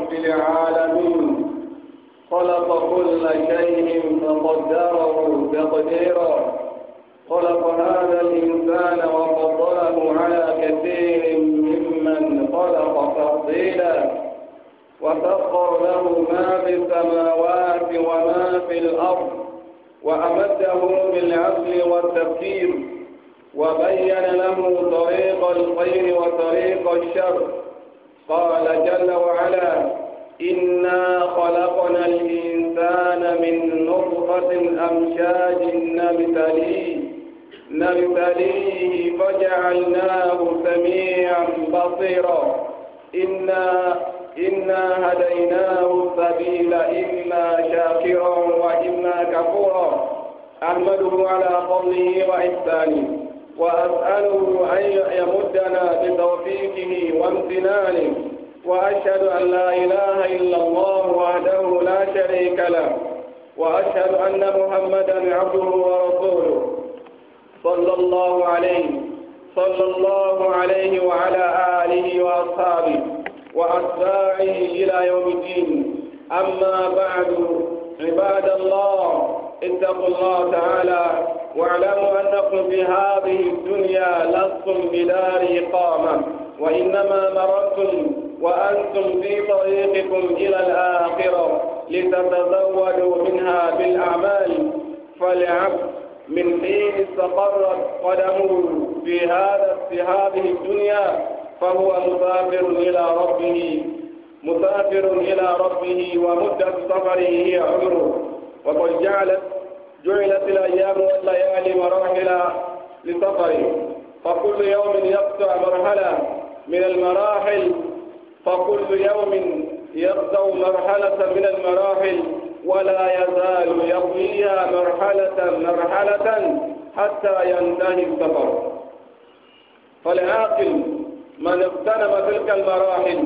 رب العالمين خلق كل شيء فقدره تقديرا خلق هذا الإنسان وفضله على كثير ممن خلق تفضيلا وسخر له ما في السماوات وما في الأرض وأمده بالعقل والتفكير وبين له طريق الخير وطريق الشر قال جل وعلا إنا خلقنا الإنسان من نطفة أمشاج نبتليه نبتليه فجعلناه سميعا بصيرا إنا إنا هديناه السبيل إما شاكرا وإما كفورا أحمده على فضله وإحسانه وأسأله أن يمدنا بتوفيقه وامتنانه وأشهد أن لا إله إلا الله وحده لا شريك له وأشهد أن محمدا عبده ورسوله صلى الله عليه صلى الله عليه وعلى آله وأصحابه وأتباعه إلى يوم الدين أما بعد عباد الله اتقوا الله تعالى واعلموا أنكم في هذه الدنيا لستم بدار إقامة وإنما مررتم وأنتم في طريقكم إلى الآخرة لتتزودوا منها بالأعمال فالعبد من حين استقرت قدمه في هذا في هذه الدنيا فهو مسافر إلى ربه مسافر إلى ربه ومدة سفره هي عمره وقد جعلت جعلت الأيام والليالي مراحل لسفره فكل يوم يقطع مرحلة من المراحل فكل يوم يقطع مرحلة من المراحل ولا يزال يقضيها مرحلة مرحلة حتى ينتهي السفر فالعاقل من اغتنم تلك المراحل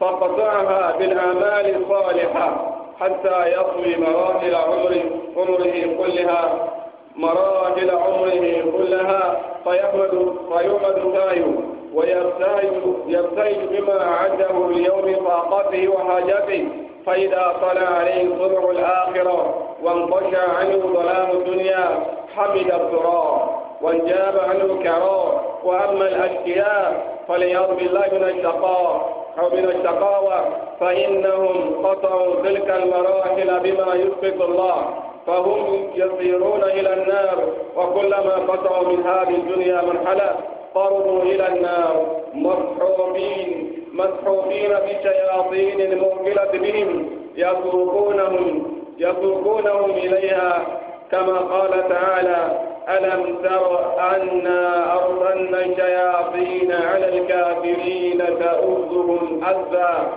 فقطعها بالأعمال الصالحة حتى يطوي مراحل عمره عمره كلها مراحل عمره كلها فيحمد فيحمد تايو ويرتاج يرتاج بما عنده ليوم طاقته وحاجته فإذا طلع عليه صبح الآخرة وانقشع عنه ظلام الدنيا حمد الضرار وانجاب عنه كرار وأما الأشقياء فليرضي الله من الشقاء أو من الشقاوة فإنهم قطعوا تلك المراحل بما يسبق الله فهم يصيرون إلى النار وكلما قطعوا من هذه الدنيا مرحلة قربوا إلى النار مسحوبين مسحوبين بشياطين الموكلة بهم يسوقونهم يسوقونهم إليها كما قال تعالى ألم تر أنا أرسلنا الشياطين على الكافرين تؤذهم أذى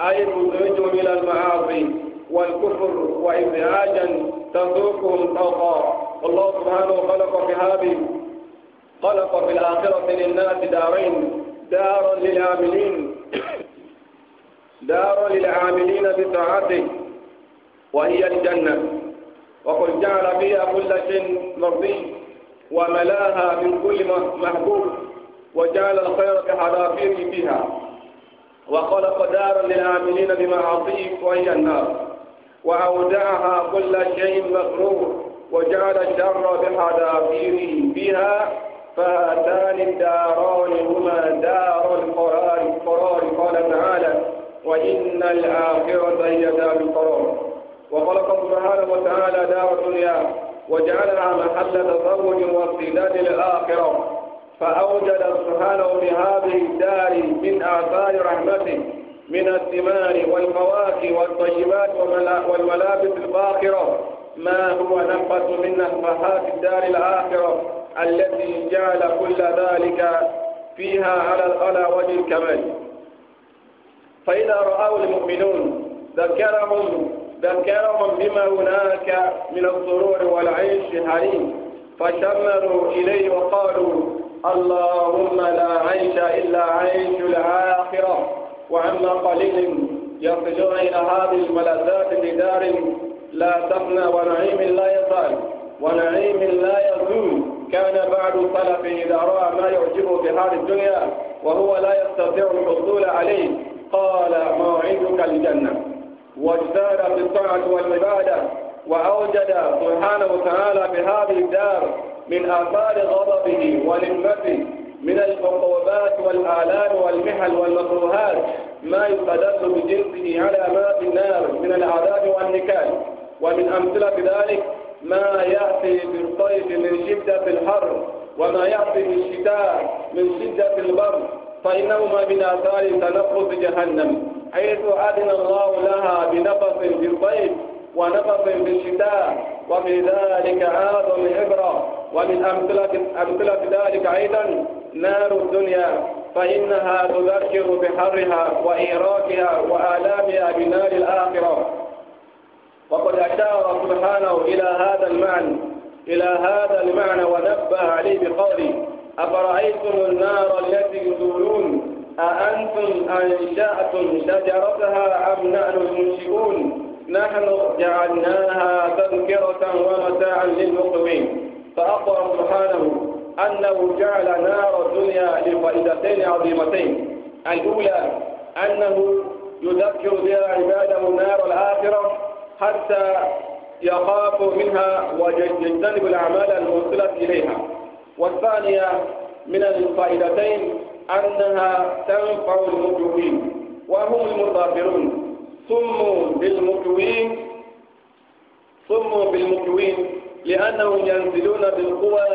أي تخرجهم من المعاصي والكفر وإزعاجا تسوقهم سوقا والله سبحانه خلق في هذه خلق في الآخرة للناس دارين دارا للعاملين دارا للعاملين بطاعته وهي الجنة وقد جعل فيها كل شيء مرضي وملاها من كل محبوب وجعل الخير كحذافير فيها وخلق دارا للعاملين بمعاصيه وهي النار وأودعها كل شيء مكروه وجعل الشر بحذافيره فيها فهاتان الداران هما دار القرار القرار قال تعالى وإن الآخرة هي دار القرار وخلق سبحانه وتعالى دار الدنيا وجعلها محل تزوج واستعداد للآخرة فأوجد سبحانه في هذه الدار من آثار رحمته من الثمار والفواكه والطيبات والملابس الباخرة ما هو نقة من نفحات الدار الآخرة التي جعل كل ذلك فيها على على وجه الكمال فإذا رآه المؤمنون ذكرهم ذكرهم بما هناك من الضروع والعيش حريم فشمروا إليه وقالوا اللهم لا عيش إلا عيش الآخرة وعما قليل يصلون إلى هذه الملذات بدار لا تفنى ونعيم لا يزال ونعيم لا يزول كان بعض السلف إذا رأى ما يعجبه في هذه الدنيا وهو لا يستطيع الحصول عليه قال موعدك الجنة واجدار بالطاعة والعبادة وأوجد سبحانه وتعالى بهذه الدار من آثار غضبه ونعمته من العقوبات والآلام والمحن والمكروهات ما يقدر بجنسه على ما في النار من العذاب والنكال ومن أمثلة ذلك ما يأتي بالصيف من شدة الحر وما يأتي بالشتاء من شدة البر فإنهما من آثار تنفس جهنم حيث أذن الله لها بنفس في البيت ونفس في الشتاء وفي ذلك عاد العبرة ومن أمثلة, أمثلة ذلك أيضا نار الدنيا فإنها تذكر بحرها وإيراكها وآلامها بنار الآخرة وقد أشار سبحانه إلى هذا المعنى إلى هذا المعنى ونبه عليه بقوله أفرأيتم النار التي تزولون أأنتم أنشأتم شجرتها أم نحن المنشئون نحن جعلناها تذكرة ومتاعا للمقوين فأخبر سبحانه أنه جعل نار الدنيا لفائدتين عظيمتين الأولى أنه يذكر بها عباده نار الآخرة حتى يخافوا منها ويجتنبوا الأعمال الموصلة إليها والثانية من الفائدتين أنها تنفع المجوين وهم المصابرون سموا بالمجوين سموا بالمجوين لأنهم ينزلون بالقوى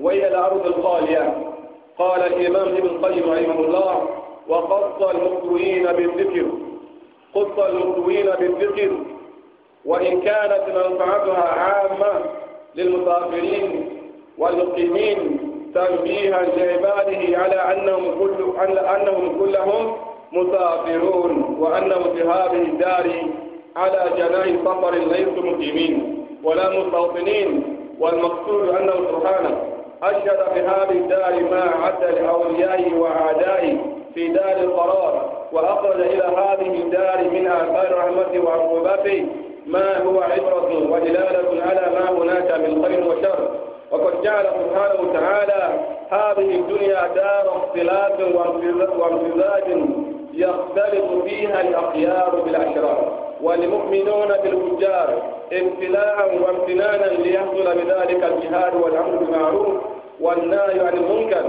وإلى الأرض الخالية قال الإمام ابن القيم رحمه الله وقص المجوين بالذكر قص المجوين بالذكر وإن كانت منفعتها عامة للمسافرين والمقيمين تنبيها لعباده على أنهم, كل أنهم كلهم مسافرون وأنهم في هذه الدار على جناء سفر ليسوا مقيمين ولا مستوطنين والمقصود أنه سبحانه أشهد في هذه الدار ما عدا لأوليائه وأعدائه في دار القرار وأخرج إلى هذه الدار من آثار رحمته وعقوبته ما هو عبرة ودلالة على ما هناك من خير وشر وقد جعل سبحانه وتعالى هذه الدنيا دار اختلاف وامتزاج يختلف فيها الأخيار بالأشرار والمؤمنون بالفجار ابتلاء وامتنانا ليحصل بذلك الجهاد والأمر بالمعروف والنهي عن المنكر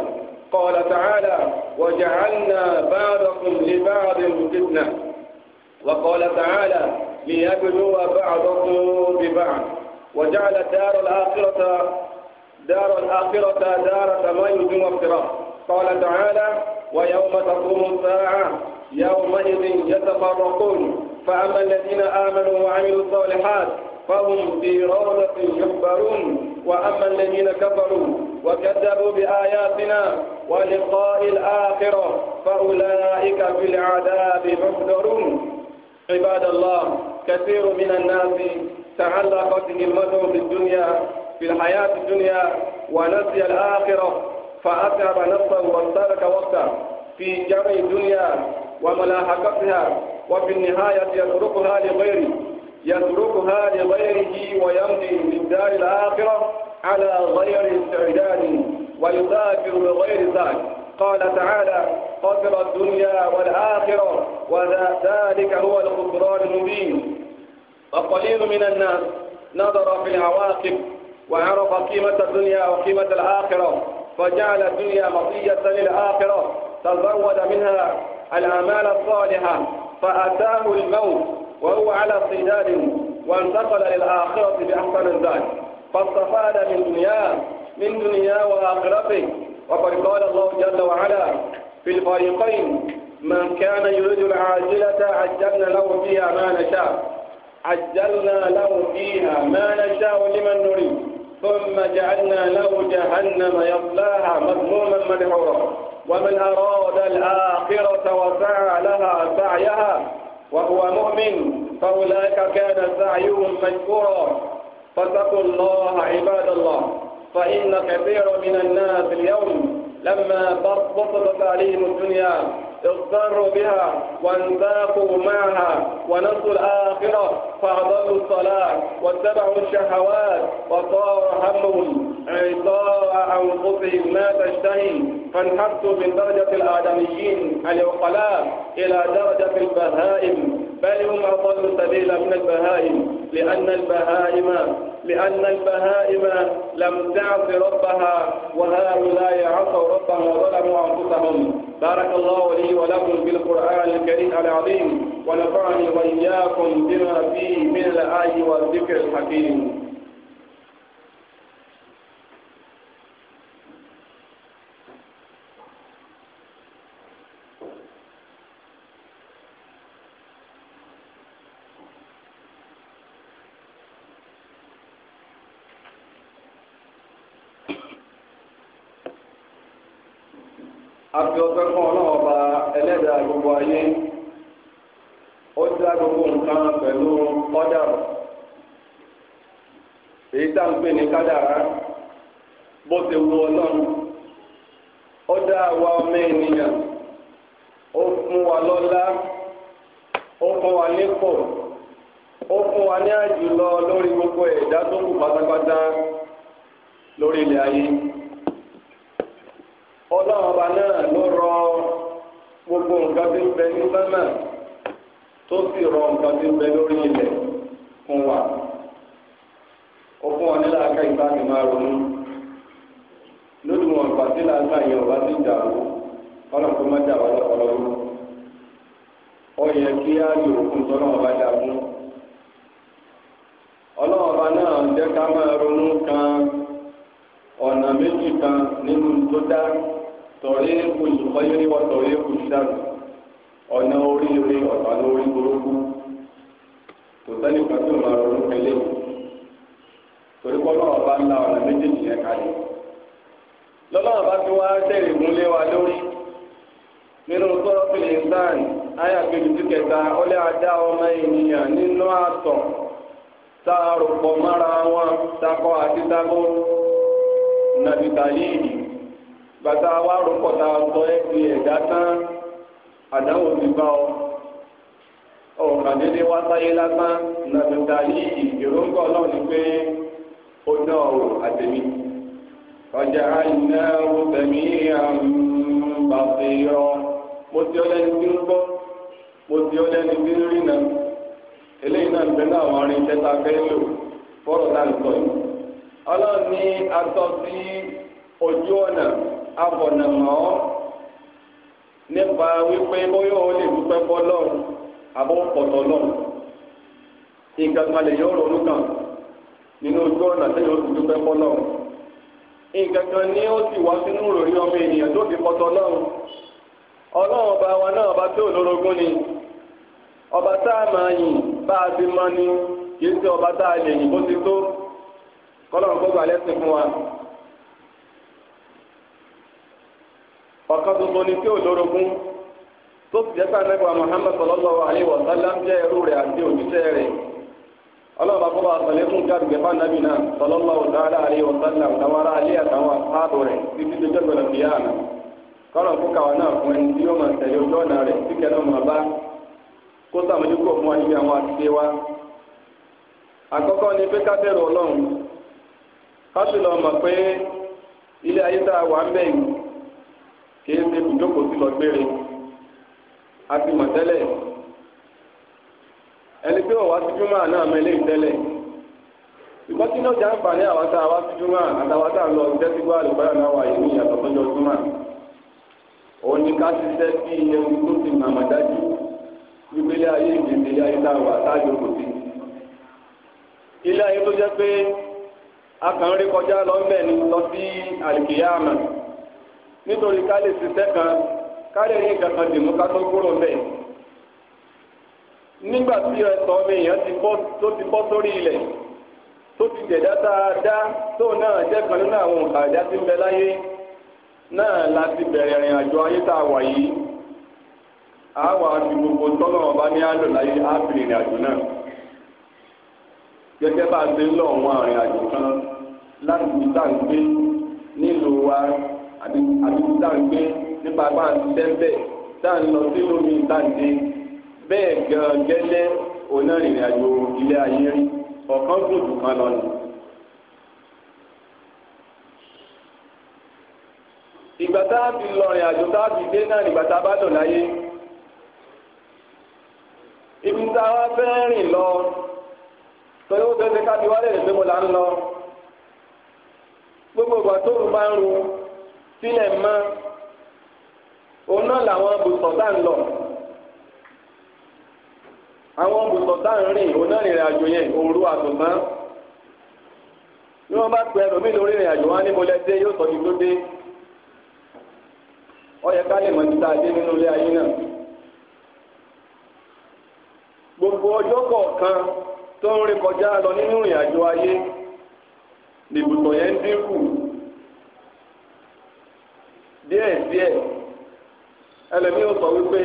قال تعالى وجعلنا بعضكم لبعض فتنة وقال تعالى ليبلو بعضكم ببعض وجعل الدار الآخرة دار الآخرة دار تميز وافتراق قال تعالى ويوم تقوم الساعة يومئذ يتفرقون فأما الذين آمنوا وعملوا الصالحات فهم في روضة يكبرون وأما الذين كفروا وكذبوا بآياتنا ولقاء الآخرة فأولئك في العذاب محضرون عباد الله كثير من الناس تعلقت همته الدنيا في الحياة الدنيا ونسي الآخرة فأتعب نفسه واستهلك وقته في جمع الدنيا وملاحقتها وفي النهاية يتركها لغيره يتركها لغيره ويمضي للدار الآخرة على غير استعداد ويسافر بغير ذلك قال تعالى قصر الدنيا والآخرة وذلك هو الخسران المبين وقليل من الناس نظر في العواقب وعرف قيمة الدنيا وقيمة الآخرة فجعل الدنيا مطية للآخرة تزود منها الأعمال الصالحة فأتاه الموت وهو على صداد وانتقل للآخرة بأحسن الزاد فاستفاد من دنياه من دنياه وآخرته وقد قال الله جل وعلا في الفريقين من كان يريد العاجلة عجلنا له فيها ما نشاء عجلنا له فيها ما نشاء لمن نريد ثم جعلنا له جهنم يصلاها مذموما مدحورا ومن أراد الآخرة وسعى لها سعيها وهو مؤمن فأولئك كان سعيهم مشكورا فاتقوا الله عباد الله فإن كثير من الناس اليوم لما بسطت عليهم الدنيا اغتروا بها وانساقوا معها ونسوا الآخرة فأضلوا الصلاة واتبعوا الشهوات وصار همهم عطاء أنفسهم ما تشتهي فانحطوا من درجة الآدميين العقلاء إلى درجة البهائم بل هم أضلوا سبيلا من البهائم لأن البهائم لأن البهائم لم تعص ربها وهؤلاء عصوا ربهم وظلموا أنفسهم بارك الله لي ولكم في القرآن الكريم العظيم ونفعني وإياكم بما فيه من الآي والذكر الحكيم ayé ó dá gbogbo nǹkan pẹ̀lú kádàrá èyí tá ń pè ní kádàrá bó ti wu ọlọ́run ó dá àwa ọmọ ènìyàn ó fún wa lọ́lá ó fún wa nípò ó fún wa ní lórí gbogbo ẹ̀dá tó kù pátápátá lórí ọba náà ló rọ gbogbo nǹkan tí ń bẹ ní sánmà tó sì rọ nǹkan tí ń bẹ lórí ilẹ̀ fún wa ó fún wa nílà aka ìbáàmì máa ronú ọba ti dà ó yẹ kí á kan ọ̀nà méjì kan nínú tó dá. tọ̀rí olùkọ́yé ní wọ́n tọ̀rí olùdarí ọ̀nà oríire ọ̀tà lórí burúkú kò sẹ́ni kan tó máa ronú ọba la ọ̀nà méjèèjì yẹn kalẹ̀ lọ́nà ọba tí wọ́n tẹ̀lé wa lórí nínú kẹta ajá ọmọ ènìyàn nínú àtọ̀ tá a rò pọ̀ mára bàtà wa rúkọ̀ tá a sọ ẹ̀dá tán àdáwò ti bá ọ ọ̀ràn dédé wá sáyé lásán nàdùtà yìí èròǹgbà ọlọ́run ni pé ó ná ọ̀rọ̀ àtẹ̀mí. ọjà àìnáwó tẹ̀mí àmbàfẹ́yọ mo ti ọlẹ́ni tí ń gbọ́ mo ti ọlẹ́ni tí ń rìnà eléyìí náà ń náà àwọn arìnrìn tẹ́ta fẹ́ lò abọ̀nàmọ́ nípa wípé bóyá ó lè dúpẹ́ fọ́ lọ́run àbọ̀ pọ̀tọ̀ lọ́run nǹkan kan lè yọ̀rọ̀ nínú ojú ọ̀nà tẹ́lẹ̀ ó dúpẹ́ fọ́ nǹkan kan ní ó sì wá sínú ìròyìn ọmọ ènìyàn tó fi pọ̀tọ̀ ọlọ́run ọba wa náà ni ọba tá a bá a mọ ni kì í ṣe ọba tá a lè yìn bó ti tó ọ̀kan tuntun ni tí ò lórogún tó ti jẹ́ sáà nẹ́gbà Muhammad sallallahu alaihi wa sallam jẹ́ ẹrú rẹ̀ àti òjíṣẹ́ rẹ̀ ọlọ́ọ̀bá kọ́ bá sàlékún kárìgbẹ́ bá nàbì náà sallallahu ta'ala alaihi wa sallam táwọn ará ilé àtàwọn àpáàdù rẹ̀ títí tó jẹ́ gbọ̀dọ̀ bíyà náà kọ́nà fún kàwọn náà fún ẹni tí yóò máa tẹ̀lé ojú ọ̀nà rẹ̀ tí kẹ́ ilé ayé kìí ṣe ìjókòó sí lọ gbére a ti mọ̀ tẹ́lẹ̀ ẹni tí ọ̀wá sí júmọ́ náà mẹ́lẹ́ ìtẹ́lẹ̀ ìgbọ́n tí náà jẹ́ àǹfààní àwọn tá a wá sí júmọ́ àtàwọn tá a lọ jẹ́ sí gbọ́dọ̀ àlùbárà náà wà yìí ní ìyàtọ̀ tó jọ júmọ́ òun ni ká ṣiṣẹ́ sí ewu tó ti màmá dájú gbígbélé ayé ìgbésílẹ̀ ayé tá a wà táàjò kò sí ilé ayé tó jẹ́ pé akànrí kọjá lọ ń bẹ̀ ni lọ sí àlìkìyámà àmà. nítorí ká lè ṣiṣẹ́ kan ká lè rí ìkankan dìmú ká tó kúrò mẹ́. nígbà tí mi èèyàn tó ti bọ́ sórí ilẹ̀ tó ti jẹ̀dá dáadáa tó náà jẹ́ kan nínú àwọn nǹkan tí ń bẹ láyé náà la bẹ̀rẹ̀ ìrìn àjò ayé tá a wà yìí ọba ní àlò láyé ìrìn àjò náà gẹ́gẹ́ bá a ń lọ kan láti gbé àbí àbí a à ń gbé nípa bá ń tẹ́ńbẹ̀ tá à ń lọ sínú mi tá à ń dé bẹ́ẹ̀ gan gẹ́lẹ́ oná ìrìn àjò ilé ayé rí ọ̀kan gùn jù kan lọ ni. ìgbà tá a fi lọ ìrìn àjò tá a fi dé náà nígbà tá a bá dùn láyé ibi tá a wá fẹ́ rìn lọ torí ó fẹ́ fẹ́ ká fi wálé rẹ̀ pé mo là ń lọ gbogbo ìgbà tó o bá ń ru. sílẹ̀ mọ́ òun náà làwọn ibùsọ̀ tá ń lọ àwọn ibùsọ̀ tá ń rìn òun náà rìnrìn àjò yẹn òru àtùmọ́ bí wọ́n bá pe ẹlòmíì lórí rìnrìn àjò wá ní mo lẹ́sẹ̀ yóò sọ ní tó dé ó yẹ ká lè nínú ilé gbogbo ọjọ́ kọ̀ọ̀kan tó ń lọ nínú ìrìn àjò ayé yẹn díẹ̀ díẹ̀ ẹlòmíì ó sọ wípé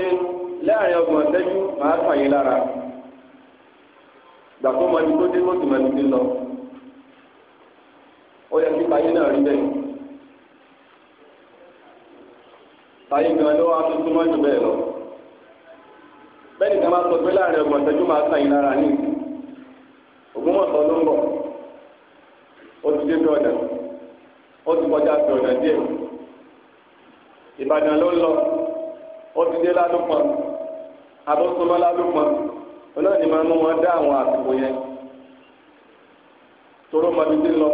láàrin ọgbọ̀n ṣẹ́jú màá kàn yín lára gbà tó mọ ibi tó dé tó sì mọ lọ ó yẹ kí náà bẹ́ẹ̀ gan ló wá bẹ́ẹ̀ lọ máa sọ pé láàrin ọgbọ̀n ṣẹ́jú lára ní ló ń bọ̀ ó kọjá bí ọ̀dà ìbàdàn ló ń lọ ó ti dé lálùpọ̀ abósọmọ lálùpọ̀ náà ni màá mú wọn dá àwọn àsìkò yẹn toró mọbi ti lọ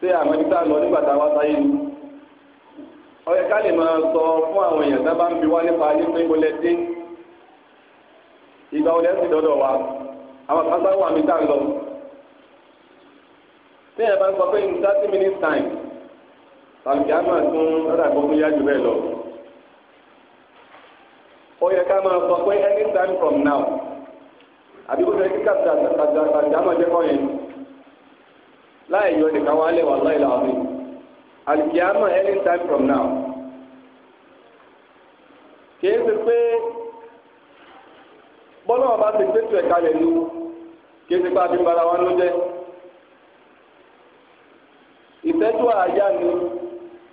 ṣé àmọ́ ibi a lọ nígbà tá a wá sáyé ni ó yẹ ká lè máa sọ fún àwọn èèyàn tá a bá ń bi wá nípa ayé pé mo lẹ dé ìgbà wo lẹ sì dọdọ wa àwọn kan sáwọ àmì tá a lọ. Téèyàn bá ń sọ pé in thirty minutes time àlùkìyàmà tún rárá gbogbo yá jù bẹ́ẹ̀ lọ. ó yẹ ká máa sọ pé any time from now àbí kó sẹ́yìn kíkà àlùkìyàmà jẹ́ kọ́ yẹn láì yọ nìkan wá lẹ̀ wà láì làwọn àlùkìyàmà any time from now kìí ṣe pé bọ́lá wọn bá ti gbẹ́tù ẹ̀ka lẹ̀ nu kìí ṣe pé àbí bara wọn ló jẹ́ ìtẹ́jú àyà ni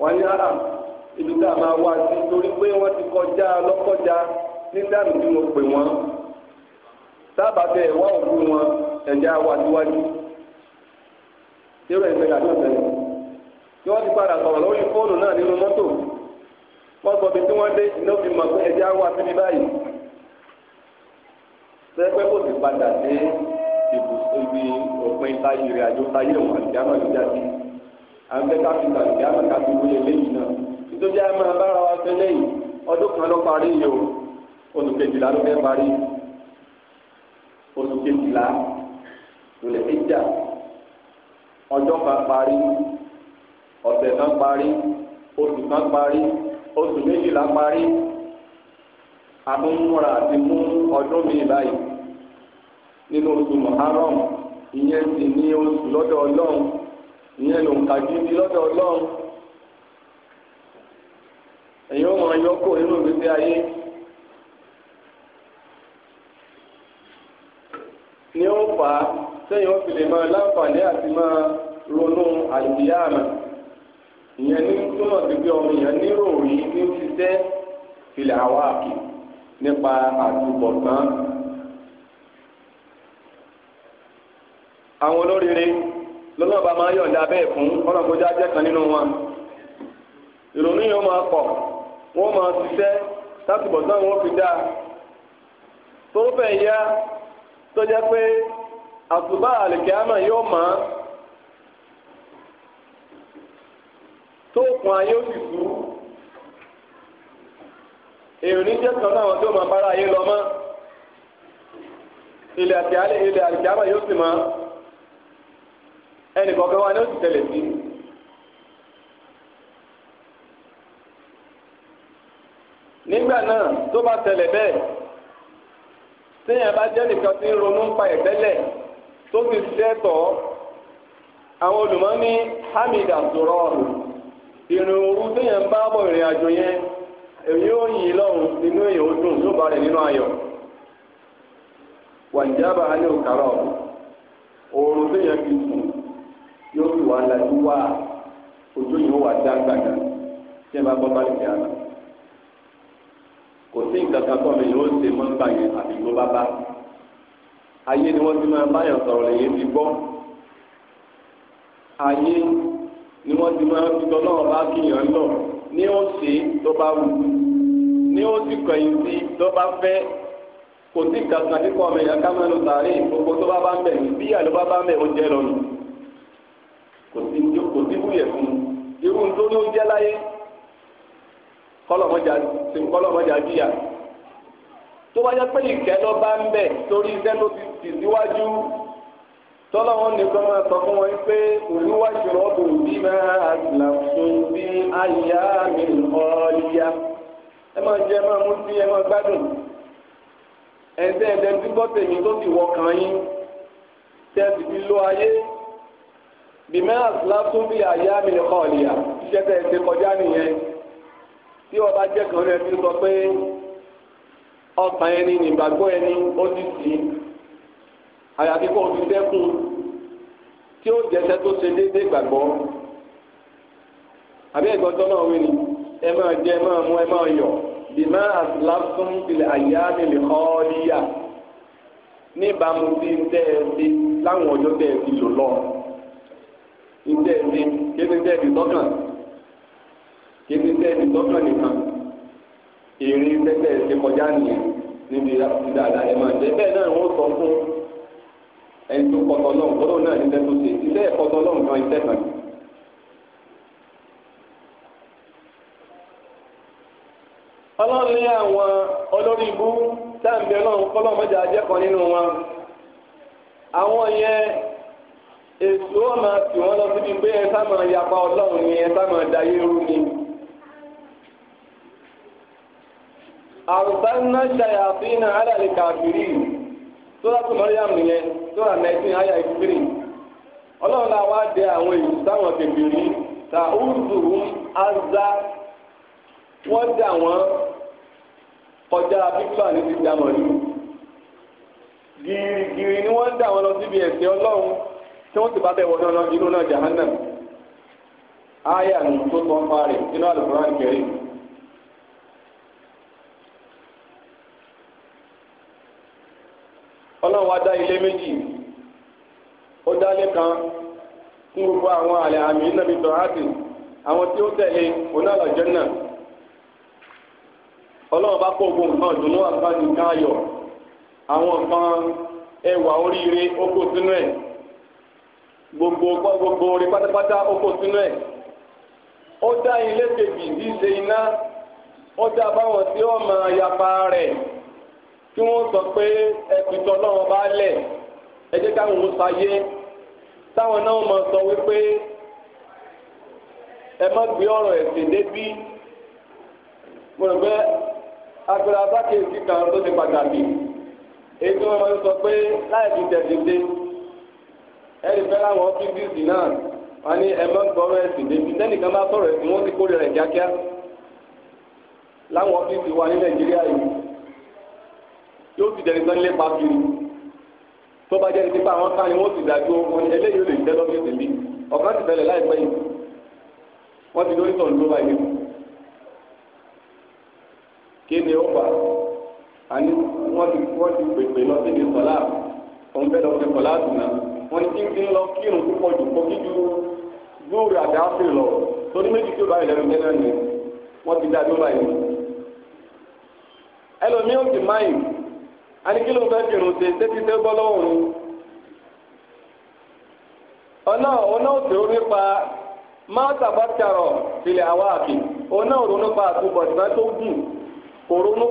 wọ́n ní ara ibi tá a máa wá sí torí pé wọ́n ti kọjá lọ́kọjá nígbàdàn tí mo pè wọ́n sábàbẹ̀ wá òkú wọn ẹ̀jẹ̀ àwa síwájú yẹ́rọ ìfẹ́ làdó ọ̀sẹ̀ tí wọ́n ti padà sọ̀rọ̀ lórí fóònù náà nínú mọ́tò wọ́n sọ pé tí wọ́n dé iná fi mọ̀ pé ẹ̀jẹ̀ àwa síbi báyìí sẹ́pẹ́ kò sì padà dé ìbùsùn ibi òpin táyé rẹ̀ àjọ táyé òun àti àná ìjà sí àgbẹ̀ káfíńtà ìyá àmì káfíńtà lè léyìn náà nítorí àmì abára wa fẹ́ lẹ́yìn ọdún kan ló parí yìí o oṣù kejìlá ló fẹ́ parí oṣù kejìlá ló lè fi jà ọjọ́ kan parí ọ̀sẹ̀ kan parí oṣù kan parí oṣù méjìlá parí àmúmúra àti mú ọdún mi báyìí nínú oṣù Muharram ìyẹn sì ní oṣù lọ́dọ̀ Ọlọ́run ìyẹn ló ń ka gidi lọ́dọ̀ ọlọ́run èyí ó máa yọkọ nínú ìgbésí ayé ni ó fà á sẹ́yìn ó fi lè máa láǹfààní àti máa ronú àìbíyá àmà ìyẹn ní túmọ̀ sí pé ọmọ ìyẹn nírò rí ní ṣiṣẹ́ filẹ̀ àwọn àkè nípa àtúbọ̀tán àwọn olóríire. lọ́nà bá máa yọ̀ǹda bẹ́ẹ̀ fún ọlọ́mọdé ajẹ́ kan nínú wọn. ìrònú yẹn máa pọ̀ wọ́n máa ṣiṣẹ́ sátìbọ̀ náà wọ́n fi dáa. tó ya yá tó jẹ́ pé àtúbà àlìkíámà yóò mọ̀ tó kun ayé ó sì jẹ́ kan náà wọn tó máa bára ayé ẹnìkọ̀ọ̀kan wa ni ó ti tẹ̀lé sí i. nígbà náà tó bá tẹ̀lé bẹ́ẹ̀ téèyàn bá nìkan tí ń ronú pa tó ti ṣiṣẹ́ tọ̀ ọ́ àwọn ní hamida sọ̀rọ̀ ìrìn òru téèyàn bá bọ̀ ìrìn àjò yẹn èyí ó yìn lọ́rùn inú èyàn ó dùn yóò bá rẹ̀ nínú ayọ̀ wàjábà alẹ́ fi sùn yóò fi wà lájú wá ojú yìí ó wà dá gbàgbà tí ẹ bá gbọ́ bálẹ̀ kí á lọ. kò sí nǹkan kan tó mi yóò ṣe mọ́ nípa yẹn àbí tó bá bá. ayé ni wọ́n ti máa báyọ̀ sọ̀rọ̀ lẹ́yìn ti gbọ́. ayé ni wọ́n ti máa fi tọ́ náà bá kíyàn lọ ní ó ṣe tó bá wù ní ó sì kọ̀yìn sí tó bá fẹ́ kò sí nǹkan kan tí kò ọmọ ẹ̀yà ká máa lọ sàárè gbogbo tó bá bá ń bẹ̀ bí àlọ́ bá bá ń bẹ̀ ó jẹ́ lọ́nà kò sí kò sí wúyẹ̀ fún irú tó ló ń jẹ́ láyé kọ́lọ̀mọ́jà ti kọ́lọ̀mọ́jà bíyà tó bá yẹ pé ìkẹ́ lọ bá ń bẹ̀ torí iṣẹ́ ló ti tì síwájú tọ́lọ́wọ́n nìkan máa sọ fún wọn pé olúwàṣọ ọ̀bùn bí máa làkùn bí àyà mi ọ̀ọ́lìyà ẹ máa jẹ máa mú sí ẹ máa gbádùn ẹ̀ńtẹ́ ẹ̀ńtẹ́ tí gbọ́ tèmi tó sì wọ kàn yín tẹ́ ti lọ ayé bìmẹ́ àfúlásùn bíi àyà mi kọ́ ọ̀lìyà iṣẹ́ tẹ̀ ṣe kọjá nìyẹn tí ọba jẹ́ kan rẹ̀ fi sọ pé ọkàn ẹni nígbàgbọ́ ẹni ó ti sì í àyàfi kó o ti dẹ́kun tí ó jẹ́sẹ́ tó ṣe déédé gbàgbọ́ àbí ẹ̀gbọ́ntọ́ náà wí ni ẹ máa jẹ ẹ máa mú ẹ máa yọ̀ bìmá àtìlásùn ìpìlẹ̀ àyà nílẹ̀ ọ́ọ́líyà níbàámu sí tẹ́ ẹ sí láwọn ọjọ́ tẹ́ ẹ ti lò lọ́ọ́. ìtẹ́ ẹ̀mí kéde tẹ́ ẹ̀mí tọ́kàn kéde tẹ́ ẹ̀mí tọ́kàn nìkan èrè tẹ́tẹ́ ẹ̀ṣẹ̀ kọjá nìyẹn níbi dáadáa ẹ̀ máa jẹ́ bẹ́ẹ̀ náà wọ́n sọ fún ẹni tó kọ́tọ́ náà gbọ́dọ̀ náà ní tẹ́tọ́ ṣe ẹ̀kọ́tọ́ náà kan kan. ọlọ́run ní àwọn olórí ibú nínú wọn àwọn yẹn. èso wọn máa tì wọn lọ síbi pé ẹ sáà máa yapa ọlọrun ni ẹ sáà máa dayé rú ni. àrùsáná ṣàyàfínà àdàlẹ kàfírì sóràtú mọ́ríyàm nìyẹn sórà nineteen àyà ìfúkiri wá dé àwọn èyí sáwọn ta dà kọjá ní ti dàmọ́ ní. gírígírí ni wọ́n dà wọ́n lọ síbi ẹ̀sìn tí wọ́n ti bá bẹ́ẹ̀ wọnú inú náà jahannam aya nù tó tọ́ ń parí inú alukuran kẹrin. ọlọ́run wa dá ilé méjì ó dálé kan fún gbogbo àwọn àlẹ́ àmì nàbí tọ́hátì àwọn tí ó tẹ̀lé onáàlọ́jọ́ náà ọlọ́run bá kó ogun àwọn ẹwà oríire ó gbogbo gbogbo orí pátápátá ó kó sínú ẹ̀ ó dá ilé kejì tí í ṣe iná ó dá báwọn tí ó máa yapa rẹ̀ tí wọ́n sọ pé ẹ̀pìtọ́ lọ́wọ́ bá lẹ̀ ẹ jẹ́ káwọn ò sáyé táwọn náà máa sọ wípé ẹ má gbé ọ̀rọ̀ ẹ̀sìn débí mo rò pé agbèrè abákẹ́sì kan tó ti pàtàkì èyí tí wọ́n máa sọ pé láì fi tẹ̀sí dé ẹ̀rí fẹ́ láwọn ọ́fíìsì náà wọ́n ní ẹ máa ń gbọ́rọ̀ ẹ̀sìn débi tẹ́nìkan bá sọ̀rọ̀ ẹ̀sìn wọ́n ti kórè rẹ̀ kíákíá láwọn ọ́fíìsì wa ní nàìjíríà yìí yóò ti dẹni sọ́n lépa kiri tó bá jẹ́ ní pípa àwọn kan ni wọ́n ti dàgbé wọn eléyìí ó lè jẹ́ lọ́fíìsì mi ọ̀kan ti bẹ̀rẹ̀ láìpẹ́ yìí wọ́n ti lórí sọ̀rọ̀ ló báyìí kéde ó pa àní wọ́n ti wọ́n ti pèpè lọ sí ní sọ́lá òun fẹ́ lọ sí sọ́lá àtúná. wọn ti fi ń lọ kírun púpọ̀ jù kó kí ju lóòrè àti lọ torí méjì tí ó bá ìlẹ́nu tẹ́lẹ̀ ni wọ́n ti dá tó báyìí. ẹlòmíì ti máyì anikilo fẹ́ fìrùn ṣe tẹ́tí tẹ́ bọ́ ọ̀nà ọ̀nà òsè ọ̀nà nípa àtúbọ̀ ìgbà tó gùn kò ronú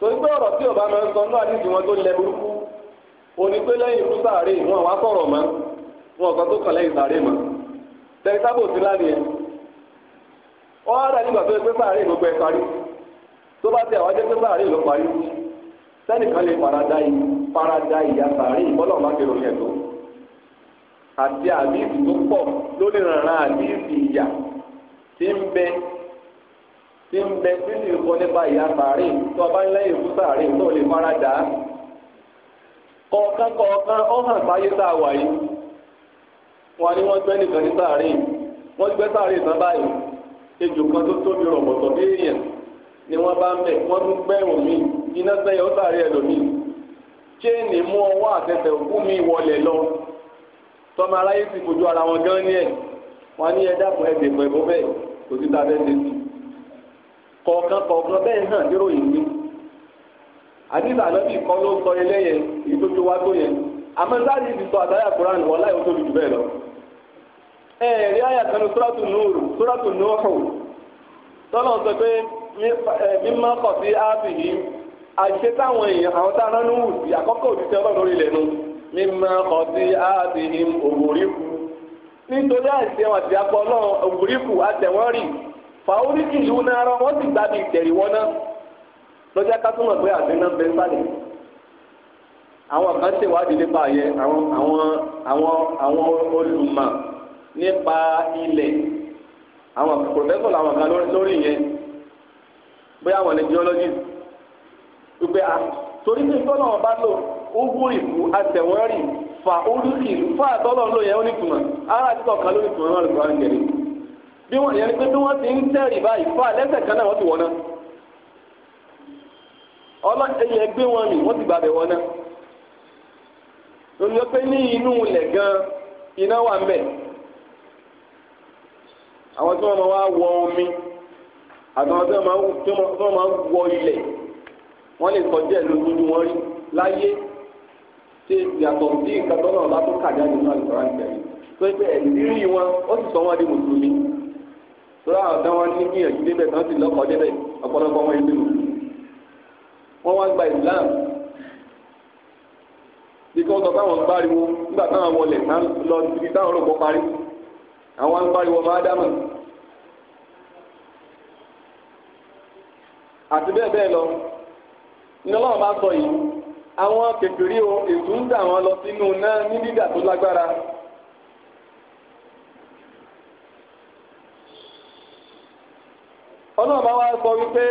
torí pé ọ̀rọ̀ tí ọba máa ń sọ náà nídìí wọn tó lẹ burúkú oní pé lẹ́yìn ikú sáré wọn wá sọ̀rọ̀ mọ́ wọn kan tó kàn lẹ́yìn sáré mọ́ tẹ̀lé sábò sí lánìí ẹ̀ wọ́n á dà nígbà tó yẹ sáré gbogbo ẹ̀ parí tó bá ti àwọn jẹ́ sáré ló parí sẹ́nìkan lè farada yìí farada ìyá sáré ìbọ́lọ̀ má tí ń bẹ tí sì kọ nípa ìyá sàárè tó ọba ńlẹ ìlú sàárè tó lè fara dà á kọ̀ọ̀kan kọ̀ọ̀kan ó hàn sáyé tá a wà yìí wọn ni wọ́n gbẹ́ nìkan ní sàárè wọ́n gbẹ́ sàárè tán báyìí ejò kan tó tóbi rọ̀bọ̀tọ̀ bí èèyàn ni wọ́n bá ń bẹ̀ wọ́n tún gbẹ́ omi iná sẹ́yìn ó sàárè ẹlòmíì chéènì mú ọwọ́ àtẹsẹ̀ òkú mi wọlé lọ tọ́mọ aráyé ti fojú ara wọn gan ní ẹ̀ wọ́n ní ẹ dákun ẹ dèpọ̀ ẹ̀bọ́ bẹ́ẹ̀ kò sí ta bẹ́ẹ̀ kọ̀ọ̀kan kọ̀ọ̀kan bẹ́ẹ̀ náà níròyìn ní àdìsá kọ́ ló sọ eléyẹ èyí wá tó yẹn ti sọ láì bẹ́ẹ̀ lọ. rí àyà kan sóràtù nùrù sóràtù nùhù tọ́lọ̀ sọ pé mímọ́ kọ̀ sí yìí àṣẹ táwọn èèyàn àwọn tá a rán níwù sí àkọ́kọ́ òṣìṣẹ́ ọlọ́run orí kọ̀ sí yìí òwúrí kù nítorí àìsí ọlọ́run òwúrí kù fàórí ìlú náà rán wọ́n sì gbá bí ìtẹ̀rí wọn náà lọ́jà kátúmọ̀ pé àdínà bẹ́ẹ̀ sálẹ̀ àwọn kan ṣèwádìí nípa àyẹ àwọn àwọn àwọn àwọn olùmọ̀ nípa ilẹ̀ àwọn pòfẹ́sọ̀ làwọn kan lórí yẹn bóyá àwọn ní geologist wípé a ah, torí pé tọ́lọ̀ wọn bá lò ó wúrì kú àtẹ̀wọ́rì fà ó rí ìlú fà tọ́lọ̀ ń lò yẹn ó nítumọ̀ ara àti kọ̀ọ̀kan ló nítumọ̀ náà lè kọ́ àǹgẹ̀rẹ̀ bí wọ́n yẹn pé bí wọ́n ti ń tẹ̀rì báyìí fún alẹ́sẹ̀ kan náà wọ́n ti wọ̀ náà ọlọ́ọ̀tẹ̀yẹ gbé wọn mi wọ́n ti gbàbẹ̀ wọn náà lónìí pé ní inú ilẹ̀ gan iná wà ń bẹ̀ àwọn tí wọ́n máa wá wọ omi àtàwọn tí wọ́n máa wọ ilẹ̀ wọ́n lè sọ díẹ̀ lójú ni wọ́n rí láyé ṣe yàtọ̀ sí ìkàtọ́ náà látó kàdé àdìmọ́ àlùkò rántẹ̀ tó ń rí wọn ó sì sọ wọn di mùsùlùmí tó yà ọ̀dọ́ wọn ní gbìyànjú débẹ̀ tán sì lọ́kọ̀ọ́ débẹ̀ ọ̀pọ̀lọpọ̀ wọn ìlú wọn wá gba Islam bí kí wọ́n sọ fáwọn gbáriwo nígbà táwọn wọlé tán lọ síbi táwọn rògbò parí àwọn gbáriwo máa dámà àti bẹ́ẹ̀ bẹ́ẹ̀ lọ ní ọlọ́run bá sọ yìí àwọn kékeré o ètò ń dà wọn lọ sínú náà ní dídà tó lágbára. ọlọ́run bá wá sọ wípé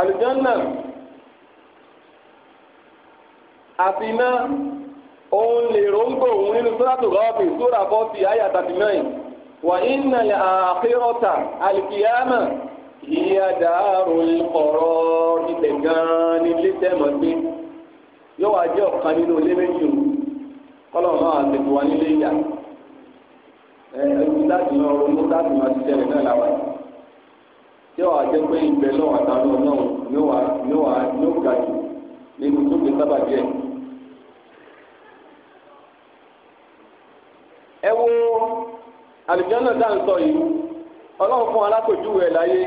àlùjànnà àti iná òun lè róńgbò òun nínú sóràtò rọ́ọ̀bì sóra fọ́ọ̀tì àyà tàbí náà wà iná àkérọ́tà àlùkìyàmà ìyá dàárò ọ̀rọ̀ ibẹ̀ gan-an ní ilé gbé yóò wá jẹ́ ọ̀kan nínú ilé méjì o kọ́lọ̀ náà àtẹ̀tù wa nílé ìyá ẹ̀ ẹ̀ ẹ̀ ti dáàbò náà ronú dáàbò náà ti tẹ̀lé náà láwàá. tí ó wà jẹ́ pé ìgbẹ́ lọ́wọ́ àtàánú ọlọ́run yóò wà yóò wà ga jù nínú tó fi sábà ń sọ yìí ọlọ́run fún láyé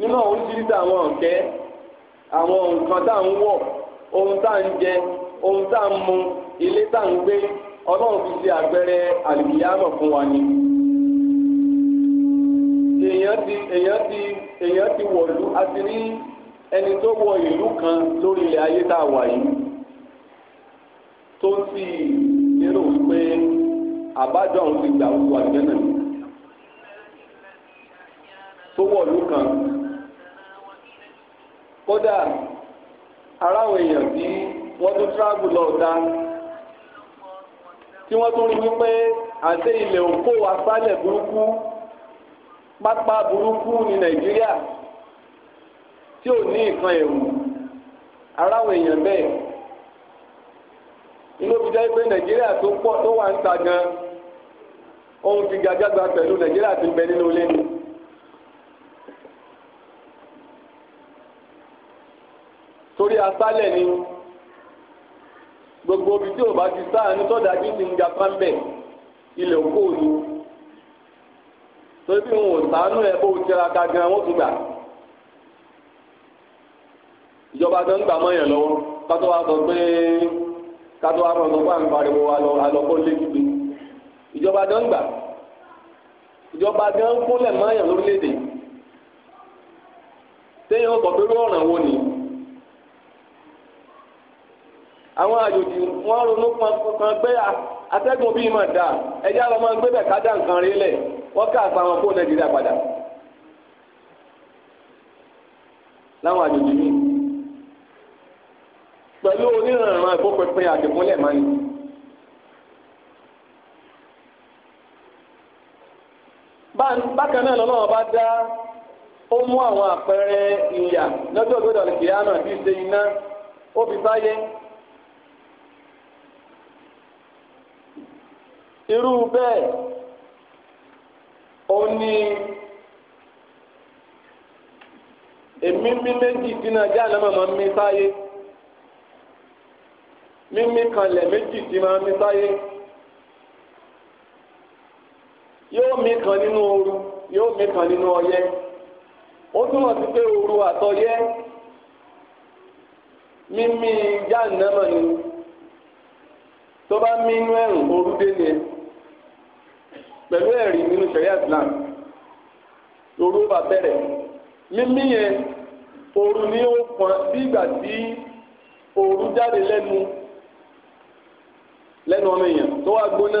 nínú àwọn àwọn ọ̀kẹ́ àwọn nǹkan tá à ń wọ̀ ohun tá à ń jẹ ohun tá à fi ṣe àlùkìyámọ̀ fún wa èèyàn ti èèyàn ti ti wọ̀lú a ti rí ẹni tó wọ ìlú kan lórí ilẹ̀ ayé tá a wà yìí tó ń sì lérò wípé àbájọ àwọn ti gbà wípé wà nígbẹ́ náà tó wọ̀lú kan kódà ara àwọn èèyàn tí wọ́n tún tíráàbù lọ dá tí wọ́n tún rí wípé àti ilẹ̀ òkú asálẹ̀ burúkú pápá burúkú ní nàìjíríà tí ò ní nǹkan ẹ̀wù aráwọ̀ èèyàn bẹ́ẹ̀ inú fi jẹ́ pé nàìjíríà tó pọ̀ tó wà ń ta gan òun fi gàgàgbà pẹ̀lú nàìjíríà ti bẹ nínú ilé ni. torí asálẹ̀ ni gbogbo ibi tí ò bá ti sáà ní tọ́jà bí ti ń ga pánbẹ̀ ilẹ̀ òkú òní. torí wọn ò sànú ẹ bó tẹra ka gan wọn tún gbà ìjọba tó ń gbà mọ́ yẹn lọ́wọ́ kátó wa sọ pé kátó wa sọ pé àǹfààní ìjọba tó ń gbà ìjọba tó yẹn téèyàn sọ pé wo ni àwọn àjòjì wọn ronú bíi wọ́n ká àpá wọn nàìjíríà padà láwọn àjòjì míì pẹ̀lú onírànràn ìfowópinpin àdìmúlẹ̀ máa ń yìí. bákan náà lọ́nà ọba dá ó mú àwọn àpẹẹrẹ ìyà lọ́jọ́ bí ṣe iná ó fi irú bẹ́ẹ̀ oni emi mi na ja na ma ma mi saye mi mi kan le meji ti ma mi saye yóò mi kan nínú ooru yóò mi kan nínú ọyẹ o tún wọn ti pé ooru àtọyẹ mi mi ja na ma ni tó bá mi inú ẹrù ooru pẹ̀lú ẹ̀rí nínú sẹ̀ríà Islam òru bá bẹ̀rẹ̀ mímí yẹn òru ni ó pọn bí ìgbà tí òru jáde lẹ́nu lẹ́nu ọmọ èèyàn tó wá gbóná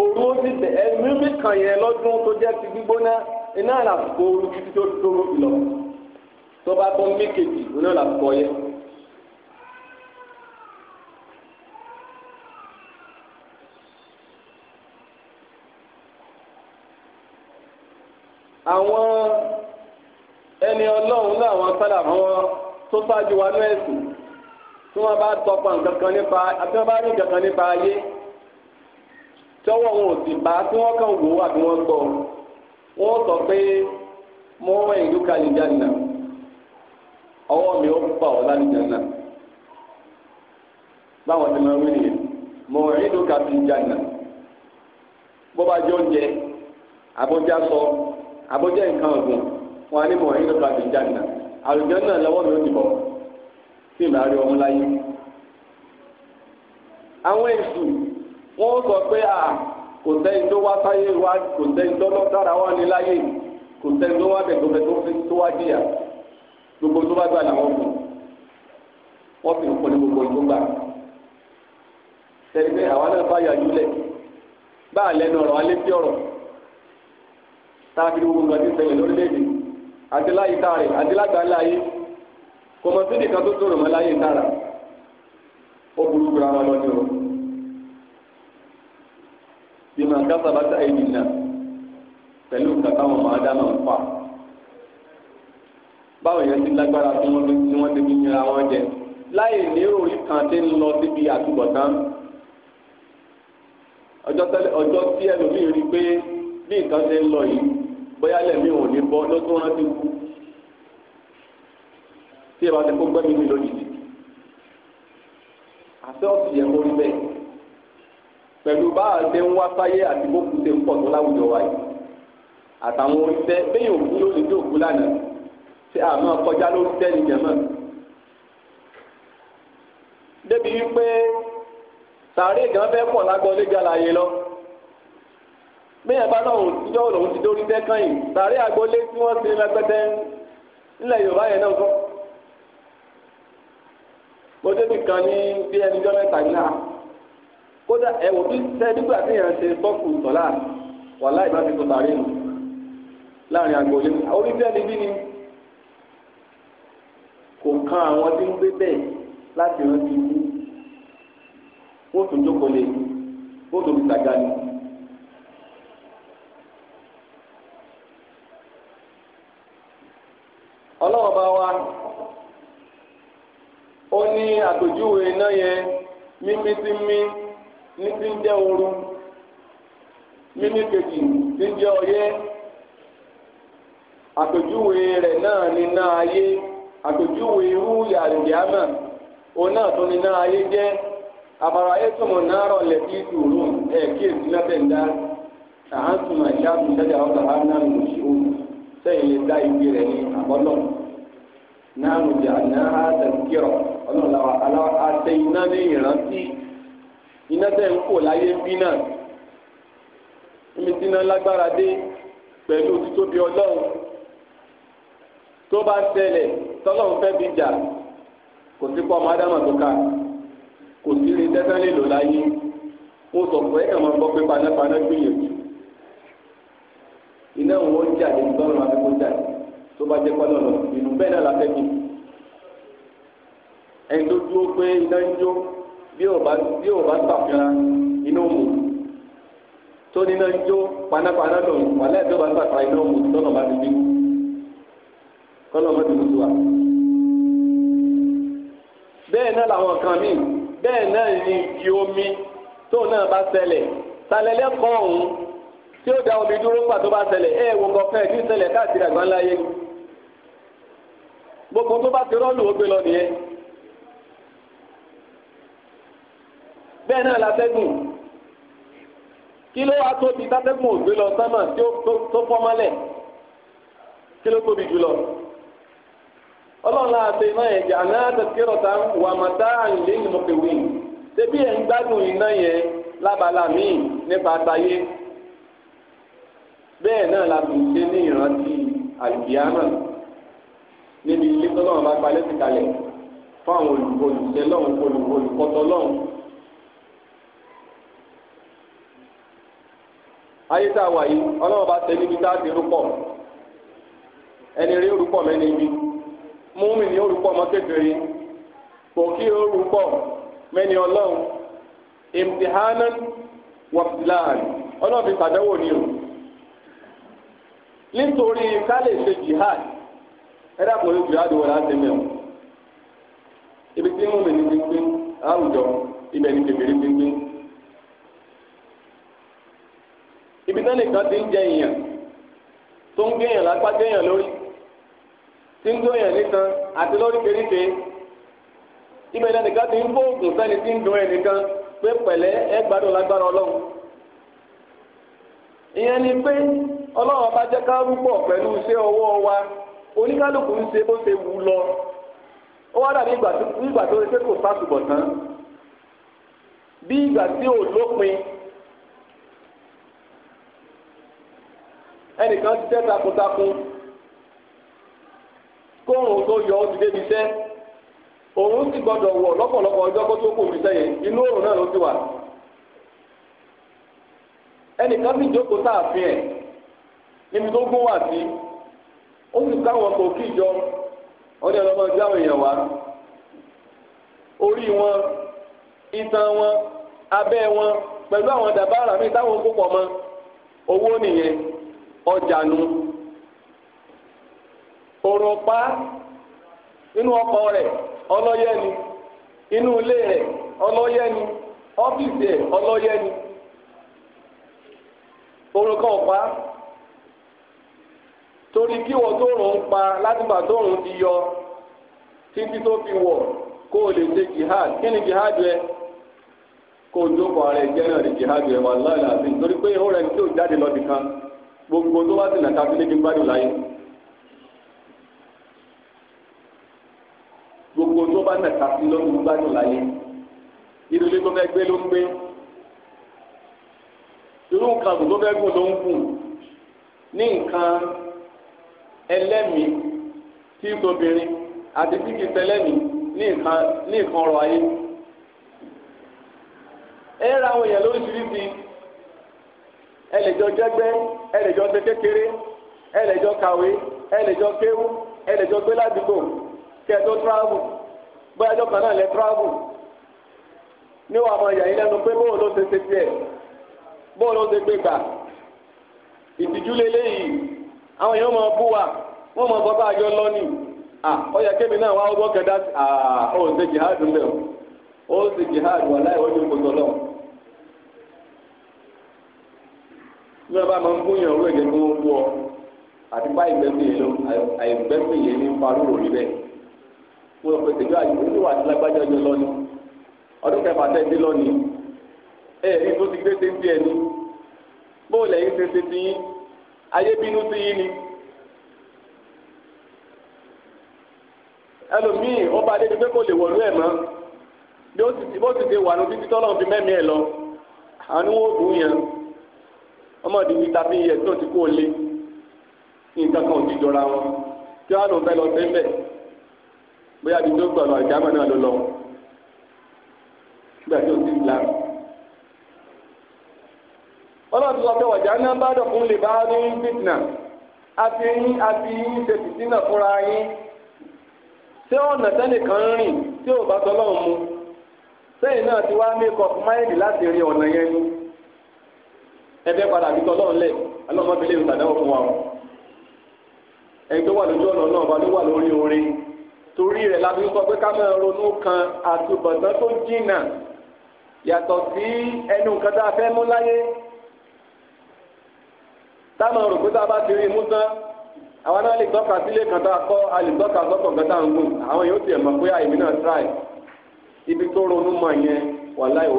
òru ó ti tẹ̀ ẹ́ mímí kan yẹn lọ́dún tó jẹ́ ti gbígbóná iná àlàfo òru títí tó dúró lọ tó bá tó mí kejì oní àlàfo yẹn. àwọn ẹni ọlọ́run láwọn sálà fún wọn tó ṣáájú wa ní ẹ̀sìn tí wọ́n bá tọpa nǹkan kan nípa àti wọ́n bá rí nǹkan kan nípa ayé tọ́wọ́ wọn ò sì bá tí wọ́n kàn wò wá bí wọ́n gbọ́ wọ́n sọ pé mo wọ ìlú kàlíjànà ọwọ́ mi ó bà ọ́ lálìjànà báwọn ti máa wí nìyẹn mo ìlú kàlíjànà bó bá jẹ oúnjẹ àbójá sọ abọ́jẹ́ nǹkan ọ̀gbìn wọn ní mọ̀ nínú pàtó ìjànà àlùjẹ́ náà lọ́wọ́ mi ò dìbọ̀ tí ì bá rí ọmú láyé. àwọn èṣù wọn sọ pé à kò sẹ́yìn tó wá sáyé wa kò sẹ́yìn tó lọ dára wá ní láyé kò sẹ́yìn tó wá bẹ̀tọ̀bẹ̀ tó fi tó wá jìyà gbogbo tó bá gbà làwọn kù wọ́n fi ń pọ̀ ní gbogbo ìgbà tẹ̀lé pé àwa náà bá yà jùlẹ̀ bá àlẹ́ nù ọ̀rọ̀ alẹ́ sí ọ̀rọ̀ táàkiri gbogbo nǹkan ti ṣẹlẹ̀ lórílẹ̀‐èdè àti láyìíká rẹ̀ àti lágbàálá ayé kò mọ̀ sí nìkan tó tòrò mọ́ láyé ìtara ó burú gbura wọn lọ́jọ́ o bí màá kásá bá táyé nìyà pẹ̀lú nǹkan táwọn máa dáná ń fà báwo yẹn ti lágbára tí wọ́n ti wọ́n ti fi yẹra wọn jẹ láyé nírò kan ti ń lọ síbi àtúbọ̀tán ọjọ́ tí ẹlòmíì rí i pé bí nǹkan ti ń lọ yìí bóyá lẹ́mí ò ní bọ́ ló tún rántí kú tí ẹ bá ti kó gbẹ́mí mi lójijì àti ọ̀sì yẹn mórí bẹ́ẹ̀ pẹ̀lú bá a ṣe ń wá sáyé àti bókú ṣe ń pọ̀ tó láwùjọ wa yìí àtàwọn oríṣẹ́ bẹ́ẹ̀ òkú lónìí tí òkú lánàá ṣé àmọ́ kọjá lórí tẹ́lẹ̀ jẹ̀mọ́ débi wípé sàárè gan fẹ́ pọ̀ lágbọ́lé gàlàyé lọ bẹ́ẹ̀ bá lọ́hùn tíjọ́ lòun ti dórí dẹ́kàn yìí tàrí àgbọ̀lé tí wọ́n ti rẹpẹtẹ nílẹ̀ yorùbá yẹn náà kọ́. mo débi kan ní bí ẹni jọ́ mẹ́ta yìí náà kódà ẹ̀wò bí sẹ́dígbà tí yẹn ṣe tọ́kù tọ́lá wà láì bá ti tó tàrí nù láàrin àgbọ̀lé orí bí ẹni bí ni kò kan àwọn tí ń gbé bẹ́ẹ̀ láti rántí ikú wọ́n tún jókòó lé wọ́n tún fi tàgá ni. àpèjúwe iná yẹn mímí tí mí ní tí ń jẹ́ ooru mímí kejì tí ń jẹ́ ọyẹ́ àpèjúwe rẹ̀ náà ni, iná ayé àpèjúwe irú yàrìndíámà òun náà tún ní iná ayé jẹ́ àbàrà ayé tó mọ̀ náà rọ̀ lẹ́kí ìtùrù ẹ̀ kí èsì náà tẹ̀ ń dá àhántùmọ̀ ìṣáàtù sẹ́jà ọ̀gá bá náà lò sí òun sẹ́yìn lè dá ibi rẹ̀ ní àbọ́lọ̀ náà lò jà náà á tẹ̀ kírọ̀ ọlọ́run àtẹ iná ní ìrántí iná tẹ̀ ń kò láyé bí náà níbi iná lágbára dé pẹ̀lú títóbi ọlọ́run tó bá ṣẹlẹ̀ tọ́lọ́run fẹ́ bí jà kò sí kọ́ ọmọ ádámà tó ká kò sí rí tẹ́tẹ́ lè lò láyé ó sọ pé ẹ̀ka máa ń gbọ́ pé panápaná gbìyànjú iná òun ó jà lè gbọ́ràn àti kó jà tó bá jẹ́ pọ́nà lọ ìlú bẹ́ẹ̀ náà la fẹ́ bí ẹni tó dúró pé iná ń jó bí ò bá bí ò bá ṣàfihàn iná mú tó níná ń jó panápaná lòun wàlẹ́ tó bá ṣàfihàn iná mú tọ́nà bá ti dín kọ́nà bá ti mú tiwa. bẹ́ẹ̀ náà làwọn kan míì bẹ́ẹ̀ náà ni ìdí omi tó náà bá ṣẹlẹ̀ sàlẹ̀lẹ̀ kọ́ ọ̀hún tí ó da omi dúró pà tó bá ṣẹlẹ̀ ẹ̀ wò kọ̀ọ̀kan ẹ̀ tí ń ṣẹlẹ̀ káàkiri àgbáńlá yẹn gbogbo tó bá ti rọ́ọ̀lù ó gbé lọ nìyẹn. bẹ́ẹ̀ náà látẹ́gùn kí ló wá tóbi tátẹ́gùn ògbé lọ sánmà tí ó fọ́mọ́lẹ̀ kí ló tóbi jùlọ. ọlọ́run náà ṣe iná yẹn jà náà tẹ̀síkẹ́rọ̀ tá wà má dá àyìnlé ìmọ̀kèwé ṣébí ẹ̀ ń gbádùn iná yẹn lábala míì nípa àtàyé bẹ́ẹ̀ náà la tún ṣe ní ìrántí àlùkìyámà níbi ilé tọ́lọ́run bá palẹ́ ti kalẹ̀ fún àwọn olùkọ́ olùṣẹ́ lọ́run olùkọ́ tọ́lọ́run ayé tá a wà yìí ọlọ́run bá tẹ níbi tá a ti rúpọ̀ ẹni rí orúkọ mẹ́ni ibi múmi ní orúkọ ọmọ kékeré kò kí orúkọ mẹ́ni ọlọ́run imtihanan wabtilaan ọlọ́run fi ṣàdánwò ni o nítorí ká lè ṣe jihad ẹ dàpọ̀ ní ibi tí múmi ní gbígbín àwùjọ ibẹ̀ ní kékeré gbígbín. ibi tán nìkan ti ń jẹ èèyàn tó ń gbéyàn lápá téèyàn lórí tí ń nìkan àti lórí kéríkè ibẹ̀ náà nìkan ti ń gbóògùn sẹ́ni tí nìkan pé pẹ̀lẹ́ ẹ gbádùn wa oníkálukú ń ṣe bó ṣe wù lọ ó wá ẹnìkan ti tẹ́ takuntakun kóòrùn tó yọ ó ti débi iṣẹ́ òun sì gbọdọ̀ wọ̀ lọ́pọ̀lọpọ̀ ọjọ́ kó tó kù mí sẹ́yìn inú òòrùn náà ló ti wà ẹnìkan sì jókòó sáàfin ẹ̀ níbi tó gún wà sí ó sì káwọn kò kí ìjọ wọn ní ọlọ́mọ ọjọ́ àwọn èèyàn wá orí wọn itan wọn abẹ́ wọn pẹ̀lú àwọn dàbára mi táwọn kó pọ̀ mọ́ owó nìyẹn. ọjànú òròpá nínú ọkọ rẹ̀ ọlọ́yẹ̀ni inú ilé rẹ̀ ọlọ́yẹ̀ni ọ́fíìsì rẹ̀ ọlọ́yẹ̀ni torí kí wọ́n tó rùn ń pa látìgbà tó rùn ti yọ títí tó fi wọ kó o lè ṣe jihad kí ni jihad kó o jókòó ara náà ní jihad wà àti nítorí gbogbo tó bá sì nà kábílẹ̀ kí n gbádùn láyé gbogbo tó bá nà kábílẹ̀ kí n gbádùn láyé inú ilé tó fẹ́ gbé ló ń gbé irú nǹkan àgùn tó fẹ́ gùn ló ń gùn ní nǹkan ẹlẹ́mìí tí obìnrin àti tí kìí ṣẹlẹ́mìí ní nǹkan ní nǹkan ọrọ̀ ayé ẹ ra àwọn èèyàn lóríṣiríṣi ẹ lè jọ jẹ́gbẹ́. ẹ se jọ ṣe kékeré ẹ lè jọ kàwé ẹ lè jọ kéwú ẹ lè jọ gbé ládùúgbò kí ẹ tó travel bóyá bọọlụ kan náà lẹ travel níwọ̀n àwọn ìyá yín lẹ́nu pé bóun ló ṣe ṣe tiẹ̀ bóun ṣe gbé gbà ìtìjú àwọn wa wọ́n máa bọ́ bá àjọ ó yẹ náà ó ṣe jihad ń ó ṣe bí wọn bá máa ń gbóyàn owó ẹ̀jẹ̀ kí wọ́n gbó ọ àti bá ìgbẹ́pẹ̀yẹ lọ àìgbẹ́pẹ̀yẹ ní parúrò rí bẹ́ẹ̀ mo rò pé tèmi àyùkú ní wà lágbájá ọjọ́ lọ́ni ọdún kẹfà tẹ́tí lọ́ni ẹ ẹ̀rí tó ti gbé téńtì ẹni bó lẹ́yìn tètè ti yín ayé bínú sí yín ni ẹlòmíì ọba adé ti pé kò lè wọ̀lú ẹ̀ mọ́ bí ó ti ti wà ní títí tọ́lọ́ fi mẹ́mí ẹ̀ lọ àánú wò kú yẹn ọmọdé di tàbí ẹ̀sìn náà ti kó lé nǹkan kan ò ti jọra wọn kí wọn á lò fẹ́ lọ sẹ́ńbẹ̀ bóyá ibi tó gbọ̀nà ìjámọ̀ náà ló lọ nígbà tí ti là. ọlọ́run sọ pé ọ̀jà náà bá dọ̀kun lè bá ní fitna àti yín àti yín ṣe fìtínà fúnra yín ṣé ọ̀nà tẹ́nìkan rìn tí ò bá tọ́lọ́run mu sẹ́yìn náà ti wá make up láti rin ọ̀nà yẹn ni. ẹbẹ padà bí tọlọ́run lẹ alọmọbìnrin yóò sàdáwọ fún wa o ẹni tó wà lójú ọ̀nà náà wà ló wà lórí orin torí rẹ la fi sọ pé ká máa ronú kan tó jìnnà yàtọ̀ sí ẹnu nǹkan tá a fẹ́ mú láyé tá a máa rò pé tá a bá ti rí i mú tán àwọn náà lè tọ́ka sílé kan tá a kọ́ a lè tọ́ka ibi tó ronú mọ̀ yẹn wà láì ó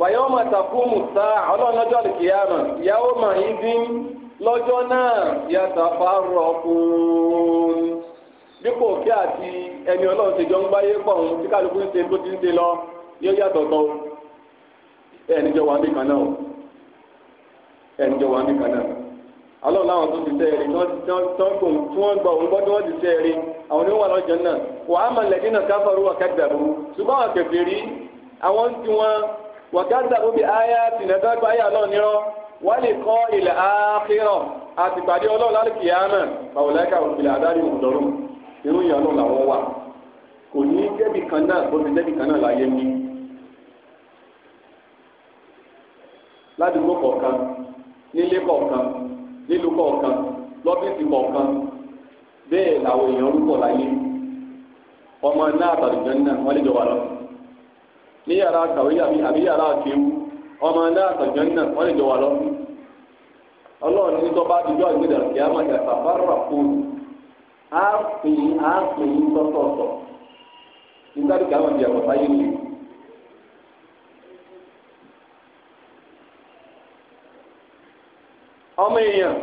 wàyà ọmọ àtàkùn mùsà ọlọ́run lọ́jọ́ àlùkìyàmà ìyàwó mà yín dín lọ́jọ́ náà yàtọ̀ afárọ̀kùn dípò kí àti ẹni ọlọ́run ń gbáyé pọ̀ ń tí kálukú ń ṣe tó ti ń ṣe lọ yóò yàtọ̀ tọ́ ẹni jọ wà ní kan náà ẹni jọ wà ní kan o ọlọ́run láwọn tó ti ṣe ẹ̀rí tí wọ́n gbọ́ òun gbọ́ tí wọ́n ti ṣe ẹ̀rí àwọn oníwà lọ́jọ́ náà wàá lẹ́dínà káfọ́rú wọ̀kádàbù bí aya tìǹdàgbà ayé àlọ́ nírọ́ wọ́n lè kọ́ ilẹ̀ ákírọ̀ àti pàdé ọlọ́run lálùkìyàmẹ̀ bàwọ̀lẹ́kà òkìlẹ̀ àdáyé òǹdọ́rùn irú ìyàn náà làwọn wà kò ní jẹ́bi kan náà bó ti jẹ́bi kan náà láyé mi. ládùúgbò kọ̀ọ̀kan nílé kọ̀ọ̀kan nílùú kọ̀ọ̀kan lọ́fíìsì kọ̀ọ̀kan bẹ́ẹ̀ làwọn èèyàn rúbọ̀ láyé ọmọ náà àtàlùjọ náà wọ́n lè jọ wà lọ́sùn ní yàrá kàwé àbí yàrá kéwú ọmọ ẹ̀dá àtọ̀jọ́ náà wọ́n lè jọ wà lọ. ọlọ́run ní tọ́ba àdúgbò àgbẹ̀dà kí á máa jà sàfárà fún á pè é á pè é sọ́tọ̀ọ̀tọ̀ nígbà tí kí á máa di ọmọ èèyàn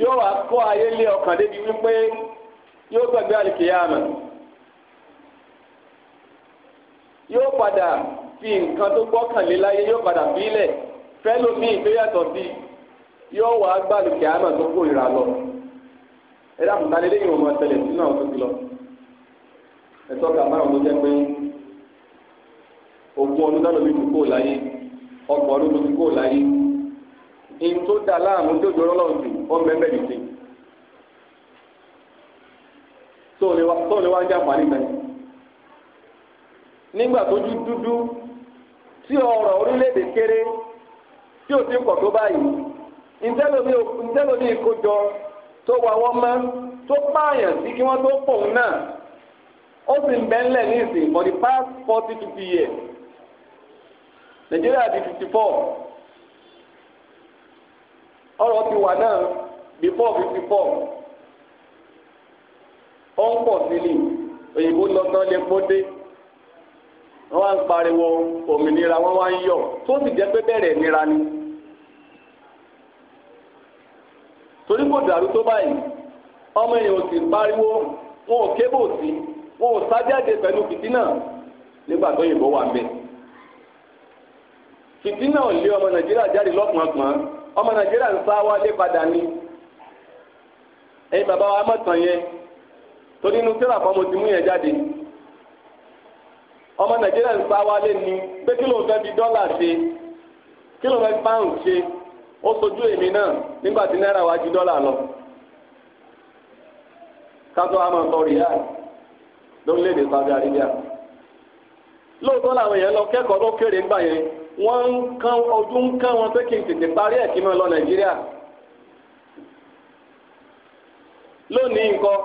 yóò wá kó ayé lé ọkàn débi wípé yóò gbàgbé àlìkèyà àmà. yóò padà fi nǹkan tó gbọ́kànlé láyé yóò padà fi ilẹ̀ fẹ́lómi ìgbéyàtọ̀ sí yóò wá gbàlùkẹ́ àmọ́ tó kó ìrà lọ ẹ dákun ta lélẹ́yìn ọmọ ọ̀tẹlẹ̀ sínú àwọn tó ti lọ ẹ ka báwọn tó jẹ́ pé ogún ọdún náà lómi ti kó láyé ọgbọ̀n ọdún ti kó láyé tó da láàmú tó sí tó ní wá ń nígbà tójú dúdú tí ọrọ̀ orílẹ̀-èdè kéré tí ò ti pọ̀ tó báyìí ìtẹ́lómi ìkójọ tó wà wọ́n mọ́ tó pààyàn sí kí wọ́n tó pọ̀ òun náà ó sì ń bẹ́ńlẹ̀ ní ìsìn for the past forty fifty years Nàìjíríà di fifty four ọ̀rọ̀ ti wà náà before fifty four ó ń pọ̀ sílẹ̀ òyìnbó lọ́tàn lè kó wọ́n wá ń pariwo òmìnira wọ́n wá ń yọ̀ tó sì jẹ́ pé nira ni. torí kò dàrú tó báyìí ọmọ èèyàn ò sì pariwo wọn ò kébò sí wọn ò sájáde pẹ̀lú fìtínà nígbà tó yìnbọn wà mẹ́. fìtínà ò lé ọmọ nàìjíríà jáde lọ́pọ̀npọ̀n ọmọ nàìjíríà ń sá padà ni. bàbá wa yẹn torí inú sílà ti mú jáde. ọmọ nàìjíríà ń sá wálé ni pé kí ló ń fẹ́ fi dọ́là ṣe kí ló ń fẹ́ fi pound ṣe ó sojú èmi náà nígbà tí náírà wá ju dọ́là lọ kátó àmọ́ sọ rìal lórílẹ̀‐èdè Saudi Arabia lóòótọ́ làwọn èèyàn lọ kẹ́kọ̀ọ́ tó kéré ńgbà yẹn wọ́n ń kán ojú ń kán wọn pé kí n tètè parí ẹ̀ kí n máa lọ nàìjíríà lónìí nǹkan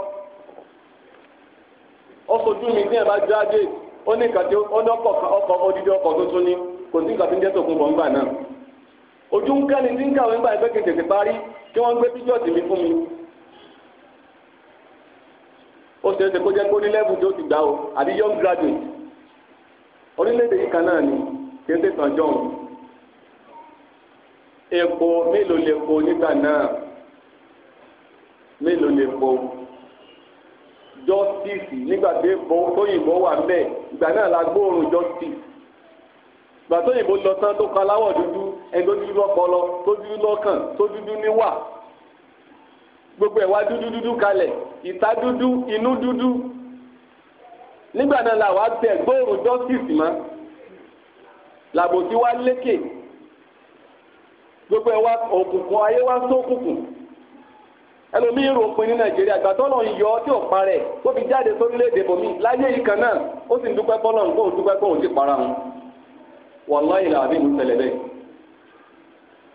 ó sojú mi tí ẹ bá jáde ó ní nǹkan tí ó ní ọkọ̀ ọkọ̀ odidi ọkọ̀ tuntun ni kò sí nǹkan tí ń jẹ́ tòkun bọ̀ ńgbà náà ojú ń kẹ́ni tí ń kàwé ńgbà ẹgbẹ́ kejì ti parí kí wọ́n gbé tíjọ́ọ̀tì mi fún mi ó ṣe é ṣe kó jẹ́ kó ní lẹ́bù tó ti gbà o àbí young graduate orílẹ̀-èdè yìí kan náà ni kí n tẹ̀sán epo mélòó lè po nígbà náà mélòó lè po justice nígbàdé tóyìnbó wà mẹ́ẹ̀ ìgbà náà la gbóòórùn justice ìgbà tóyìnbó lọ tán tó kọ aláwọ̀ dúdú ẹni tó dúdú lọ́pọlọ tó dúdú lọ́kàn tó dúdú níwà gbogbo ẹ̀wà dúdú dúdú kalẹ̀ ìta dúdú inú dúdú nígbà náà la wà tẹ gbóòórùn justice mọ́ làbòsí wa lékè gbogbo ẹ̀wà òkùnkùn ayé wa sókùnkùn. So ẹlòmíín rò pin ní nàìjíríà ìgbà tọ́lọ̀ ń yọ ọ́ tí ò parẹ́ tó fi jáde sórílẹ̀-èdè bòmí láyé yìí kan náà ó sì ń dúpẹ́ bọ́lọ̀ ń kóhùn dúpẹ́ kóhùn ti para wọn. wàláyé làbí ìlú tẹ̀lẹ̀ bẹ́ẹ̀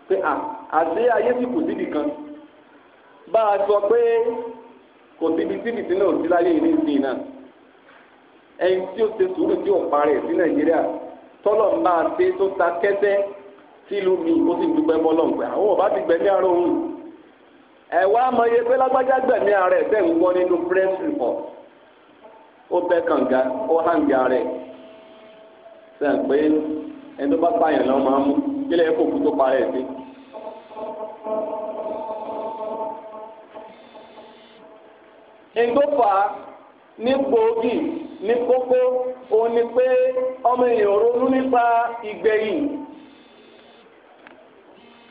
pé à àti ayé sì kù síbi kan bá a sọ pé kò síbi síbi tí náà ò sí láyé yìí nísìnyí náà ẹni tí ó ṣe sùúrù tí ò parẹ́ sí nàìjíríà tọ́lọ̀ ń bá a ṣe tó ta kẹ́tẹ́ sílùú mi ó sì dúpẹ́ bọ́lọ̀ ń pẹ́ àwọn ò bá ti gbẹ̀mí ara òun ẹwà amọye mọye pé lágbájá gbẹ̀mí ààrẹ bẹ́ẹ̀ ń wọ́n nínú press report ó kànga ó hànga rẹ̀ sẹ́n pé ẹni bá pààyàn lọ́ máa mú kílẹ̀ kó tó parẹ́ sí.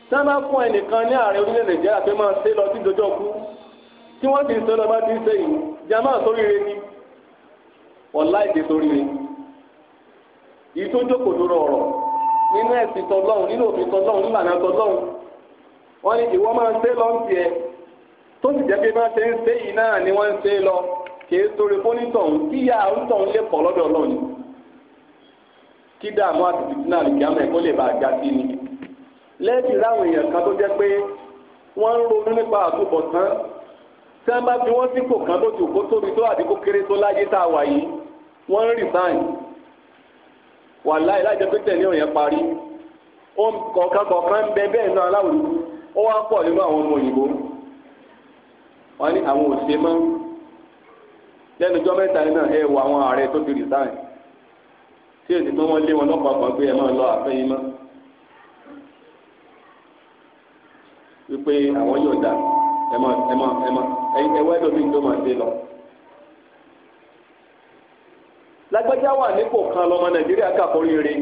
tí wọ́n bá fún ẹnìkan ní ààrẹ orílẹ̀ nàìjíríà pé máa ṣe lọ sí dojọ́ kú tí wọ́n ti ń sọ lọ́ba ti ń yìí jama sóríire ni ọ̀la èdè sóríire tó jókòó ọ̀rọ̀ nínú ẹ̀sìn nínú òfin nínú àná wọ́n ní tó sì jẹ́ pé máa ṣe ń náà ni wọ́n ń lọ sórí fónítọ̀hún lẹ́yìn láwọn èèyàn kan tó jẹ́ pé wọ́n ń ronú nípa àtúbọ̀tán tí wọ́n bá fi wọ́n sípò kan tó ti kó tóbi tó àti kéré tó láyé tá a wà yìí wọ́n ń resign wàláì láìjẹ́ pé tẹ̀lé òyìn parí kọ̀ọ̀kan kọ̀ọ̀kan ń bẹ bẹ́ẹ̀ náà aláwòrán ó wá pọ̀ nínú àwọn ọmọ òyìnbó wọ́n ní àwọn òṣèré mọ́ lẹ́nu ọjọ́ mẹ́ta yìí náà ẹ wo àwọn ààrẹ tó ti resign tí èsì tó wọ́n lé wọn lọ́pọ̀ àpọ̀ pé ẹ máa lọ àfẹ́yìn mọ́ wípé àwọn yóò dà ẹ mọ ẹ mọ ẹ mọ ẹ wá ẹlòmíì tó máa dé lọ. lágbájá wà nípò kan lọmọ nàìjíríà kàkóríire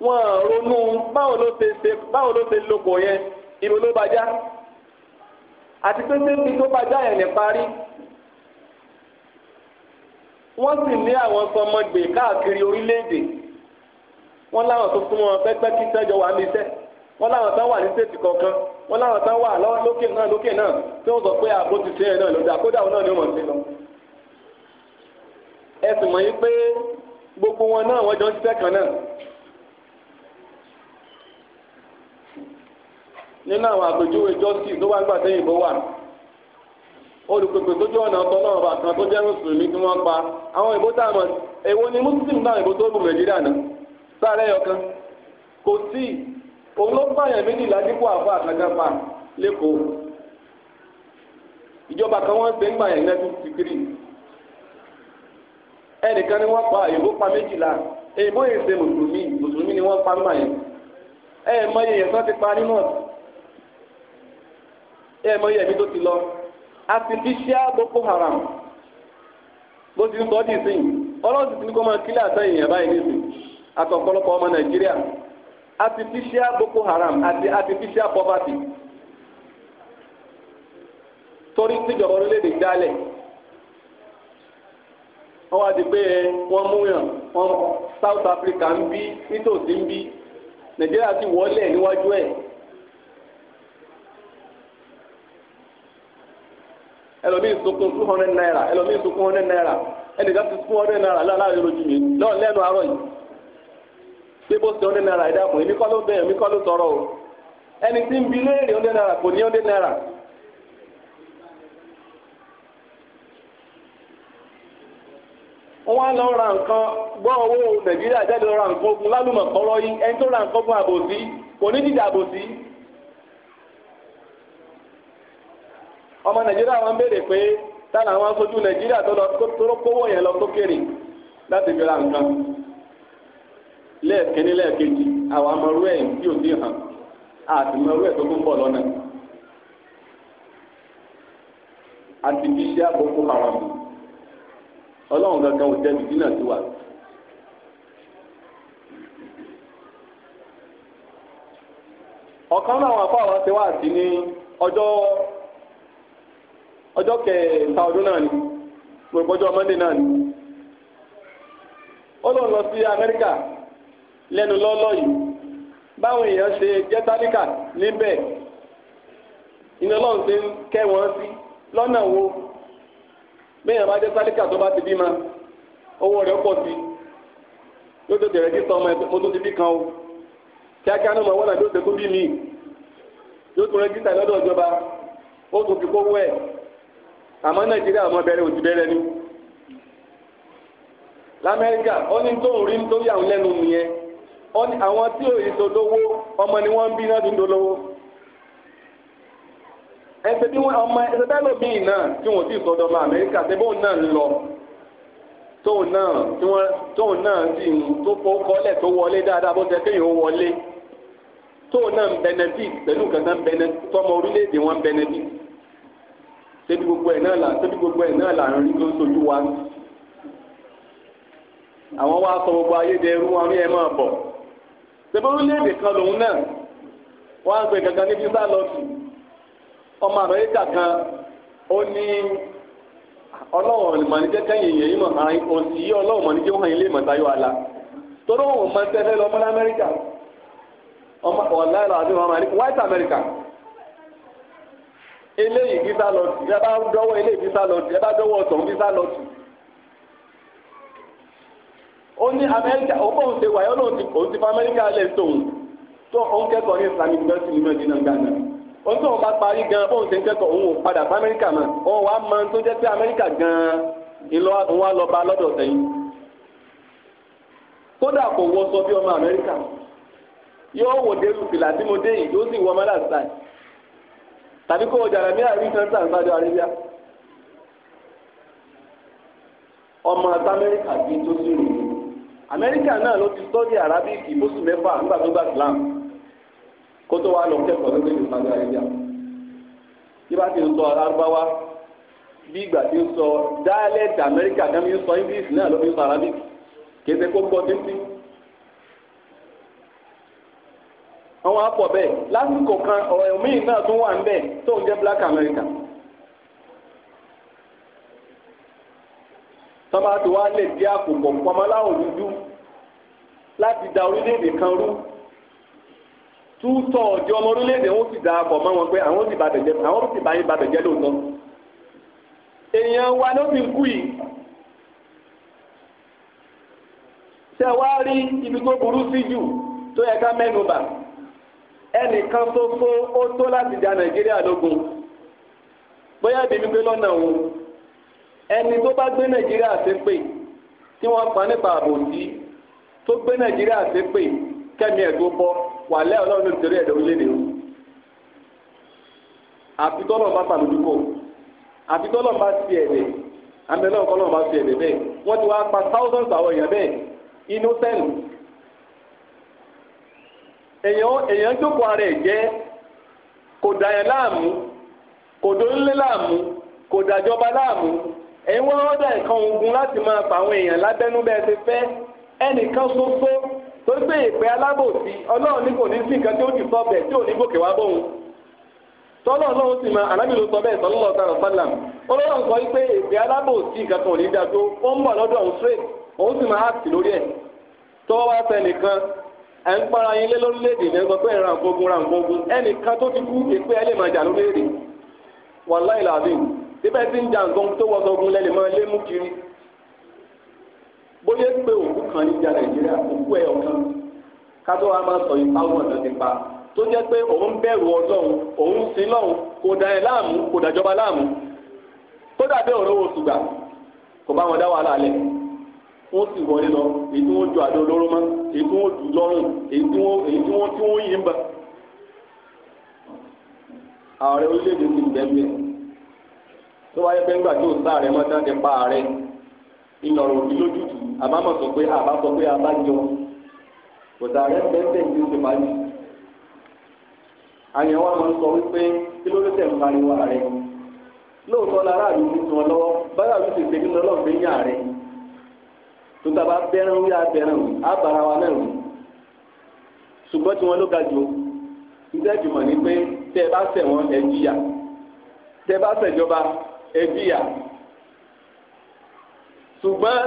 wọn ronú báwo ló ṣe ṣe báwo ló ṣe lòpọ̀ yẹn ibo ló bàjá àti pé síbi tó bàjá yẹn ní parí wọ́n sì ní àwọn sọmọgbè káàkiri orílẹ̀-èdè wọ́n láwọn tó fún wọn pẹ́pẹ́ kí sẹ́jọ́ wà mí sẹ́ẹ̀ wọ́n láwọn tán wà ní stéètì kọ̀ọ̀kan wọ́n láwọn tán wà lókè náà lókè náà tí wọ́n sọ pé àbó ti ṣe náà ló kódà òun náà ni wọ́n ti lọ. ẹ sì mọ̀ yín pé gbogbo wọn náà wọ́n jọ ń ṣiṣẹ́ kan náà. nínú àwọn àpèjúwe justice tó wá gbà sẹ́yìn bó wà olùpèpè sójú ọ̀nà ọ̀tọ̀ náà bá kan tó jẹ́ mùsùlùmí tí wọ́n pa àwọn ìbò tá a mọ̀ èwo ni mùsùlùmí náà ìbò tó bù Nàìjíríà náà sáré ọkàn kò sí òun ló ń báyàn méjìlá dípò àbá àtàgàfà lẹ́kọ̀ọ́ ìjọba kan wọ́n gbé ńgbà yẹn ní ẹdún ẹnìkan ni wọ́n pa èèbó pa méjìlá èèbó yẹn ṣe mùsùlùmí ni wọ́n pa ńgbà yẹn ẹ ẹ iye yẹn tó ti pa nínú ẹ ẹ ti lọ artificial boko haram bó ti ń sọ dì sí ọlọ́sìn tí kò máa kílẹ̀ àtẹ̀yìn ẹ̀ báyìí ọmọ nàìjíríà. artificial boko haram àti artificial poverty torí tíjọba orílẹ̀-èdè jálẹ̀ wọ́n wá di pé wọ́n mú yàn wọ́n South Africa ń bí nítòsí ń bí Nàìjíríà ti wọlé níwájú ẹ̀. ẹlòmíì sunkún two hundred naira ẹlòmíì sunkún hundred naira ẹnìkan ti sunkún hundred naira láàárín lójú mi lọ́ọ̀ lẹ́nu yìí. ṣé bó ṣe ọdẹ náírà ẹ̀dá kùn èmi kọ́ ló bẹ̀rẹ̀ èmi kọ́ ló tọrọ o ẹni tí ń bi léèrè ọdẹ náírà kò ní ọdẹ náírà. wọ́n lọ ra nǹkan gbọ́ owó nàìjíríà jáde ra nǹkan ogun lálùmọ̀ kọ́rọ́ yìí ẹni tó ra nǹkan ogun àbòsí kò ní dìde àbòsí. ọmọ nàìjíríà wọn béèrè pé táwọn àwọn aṣojú nàìjíríà tó lọ tó kówó fi ra nǹkan. lẹ́ẹ̀kẹ́ni lẹ́ẹ̀kejì àwọn amọ̀rú ẹ̀ tí ò sí hàn àti mọ̀rú ẹ̀ tó tún bọ̀ lọ́nà. àti bí iṣẹ́ àkókò àwọn mi ọlọ́run kankan ò tẹ́bi dínà wa. ọ̀kan náà àwọn afọ àwọn ti wá ní ọjọ́ ọjọ́ kẹta ọdún náà ni gbogbo ọjọ́ Monday náà ni ó lọ sí Amẹ́ríkà. lẹ́nu lọ́lọ́ yìí báwọn èèyàn ṣe jẹ́ tálíkà níbẹ̀ iná ọlọ́run ṣe ń kẹ́ wọn sí lọ́nà wo béèyàn bá jẹ́ tálíkà tó bá ti bí ma owó rẹ̀ pọ̀ sí yóò tó tẹ̀rẹ̀ kíkọ́ ọmọ ẹ̀fọ́ tó ti bí kan o kíákíá ní ọmọ wọn náà yóò tẹ̀kú bí mi yóò tún rẹ́gísítà lọ́dọ̀ ìjọba ó tún fi kówó ẹ̀ àmọ́ nàìjíríà ọmọ bẹ̀rẹ̀ òtí bẹ̀rẹ̀ ni lamẹ́ríkà ó ní tóun rí nítorí àwọn lẹ́nu nìyẹn àwọn tí ò yí dolówó ọmọ ni wọ́n ń bí náà ti ń dolówó ẹsẹ̀ bí ọmọ ẹsẹ̀ bẹ́ẹ̀ lómi náà tí wọ́n ti sọ̀dọ̀ ọmọ Amẹ́ríkà ṣe bóun náà ń lọ tóun náà tí wọ́n tóun náà sì ń tó fọwọ́kọ́lẹ̀ tó wọlé dáadáa bó ṣe kéèyàn ó wọlé tóun náà ń benefit pẹ̀lú kankan benefit tọmọ orílẹ̀-èdè wọn benefit ṣébi gbogbo ẹ̀ náà là ṣébi gbogbo ẹ̀ náà là ń rí tó sojú wa àwọn wa sọ gbogbo ayédèrú wọn rí ẹ máa bọ̀ ṣebí orílẹ̀-èdè kan lòun náà wọ́n á gbé gangan ní fisa lọ́ọ̀tì ọmọ amẹ́ríkà kan ó ní ọlọ́wọ̀n ìmọ̀nìjẹ́ kẹ́yìn yẹn ìmọ̀ àyìn òsì yìí ọlọ́wọ̀n ìmọ̀nìjẹ́ wọn ilé ìmọ̀ tayọ àlà torí òun máa ń tẹ́lẹ̀ lọ́mọ ní amẹ́ríkà ọmọ ọ̀la ẹ̀rọ àti ọmọ white america eléyìí fisa lọ́ọ̀tì ẹ bá dọ́wọ́ eléyìí fisa lọ́ọ̀tì ẹ bá dọ́wọ́ ọ̀tọ̀ fisa ó ní amẹ́ríkà ọ bóun ṣe wáyé ọlọ́run ti òun ti fa amẹ́ríkà lẹ̀ tóun tó òun kẹ́kọ̀ọ́ ní islamic university ní gánà òun tóun bá parí gan bóun ṣe ń kẹ́kọ̀ọ́ òun padà fún amẹ́ríkà òun mọ tó jẹ́ gan lọ bá kódà kò wọ sọ bí ọmọ amẹ́ríkà yóò wò tí mo dé yìí yóò sì wọ tàbí kó o ọmọ àti amẹ́ríkà náà ló ti sọ́ọ́dì arábíkì bóṣù mẹ́fà nígbà tó gba islam kó tó wá lọ kẹ́kọ̀ọ́ lórí ìlú saudi arabia bí bá ti ń sọ arúgbáwá bí ìgbà tí ń sọ dialect amẹ́ríkà dáná ń sọ english náà ló fi ń sọ arábíkì kì í ṣe kó gbọ́ títí. àwọn apọ̀ bẹ́ẹ̀ lásìkò kan ọ̀rẹ́ mi náà tún wà ń bẹ̀ tó ń jẹ́ black america. tọ́ba tó wá lè di àpò pọ̀npọ̀n aláwọ̀ dúdú láti da orílẹ̀-èdè kan rú tútọ̀ ọ̀jọ́ ọmọ orílẹ̀-èdè wọn sì darapọ̀ mọ́ wọn pé àwọn sì bàbẹ̀ jẹ́ àwọn sì bá yín bàbẹ̀ jẹ́ lóòótọ́ èèyàn wa ló fi ń kú yìí ṣe wá rí ibi tó burú sí jù tó yẹ ká mẹ́nu bà ẹnìkan tó tó ó tó láti da Nàìjíríà lógun bóyá ìbí mi pé lọ́nà òun ẹni tó bá gbé nàìjíríà ṣe pé tí wọ́n pa nípa àbòsí tó gbé nàìjíríà ṣe pé kẹ́mi ẹ̀ tó bọ́ wà lẹ́ ọlọ́run nítorí ẹ̀dọ́ orílẹ̀-èdè o àfi tọ́lọ̀ bá pàlódúkọ̀ àfi tọ́lọ̀ bá ti ẹ̀dẹ̀ àmẹ́lẹ́ ọ̀kọ́ lọ́wọ́ bá ti ẹ̀dẹ̀ bẹ́ẹ̀ wọ́n ti wá pa thousands àwọn èèyàn bẹ́ẹ̀ innocent èèyàn èèyàn jókòó ara ẹ̀ jẹ́ kò dàyẹ̀ láàmú kò dolóńlé láàmú kò dàjọba láàmú ẹ̀yin wọ́n rọ́dà nǹkan ogun láti máa pa àwọn èèyàn lábẹ́nú bẹ́ẹ̀ ti fẹ́ ẹnìkan ṣoṣo tó gbé ìpè alábòsí ọlọ́run ní kò ní sí nǹkan tí ó ti sọ bẹ̀ tí ò ní gòkè wá bóun tọ́lọ́ ọlọ́run sì máa sọ bẹ́ẹ̀ sára sálàm ọlọ́run sọ ìpè alábòsí nǹkan ò ní ó ń bọ̀ lọ́dọ̀ òun sì máa lórí ẹ̀ wá fẹ́ nìkan ẹ̀ ń para yín lé lórílẹ̀‐èdè ní ti kú ìpè síbẹ̀ tí ń ja nǹkan tó wọ́sọ ogun lẹ́lẹ̀ máa lé mú kiri bóyá pé òkú kan ní ìjà nàìjíríà òkú ẹ̀ ọ̀kan kátó wa sọ yìí táwọn ọ̀dọ́ tó jẹ́ pé òun bẹ̀rù ọlọ́run òun sí lọ́run kò dá ẹ láàmú kò dájọba láàmú tó dàbí kò bá wọn dá wàhálà lẹ̀ wọ́n sì wọlé lọ èyí tí wọ́n ju àdó olóró mọ́ èyí tí tó wáyé pé ńgbà tó sá rẹ mọ́tán ti pa rẹ ìnọ̀rọ̀ òbí lójútùú àbámọ̀ sọ pé àbá sọ pé àbá jọ kòtà rẹ pẹ́ńpẹ́ ní oṣù parí. àyàn wa máa ń sọ wípé kí ló ló tẹ̀ ń pariwo rẹ lóòótọ́ la aráàlú ti sàn lọ́wọ́ báyà ló ti ṣe kí lọ́lọ́ fi ń yà rẹ tó tá a bá bẹ́ràn wí abẹ́ràn wí wa náà wí ṣùgbọ́n tí wọ́n ló ga jù ní tẹ́jú mọ̀ ní pé tẹ́ bá ṣẹ̀ wọ́n ẹ jìyà tẹ́ ẹ bá ṣẹ̀jọba ebi ya? ṣùgbọ́n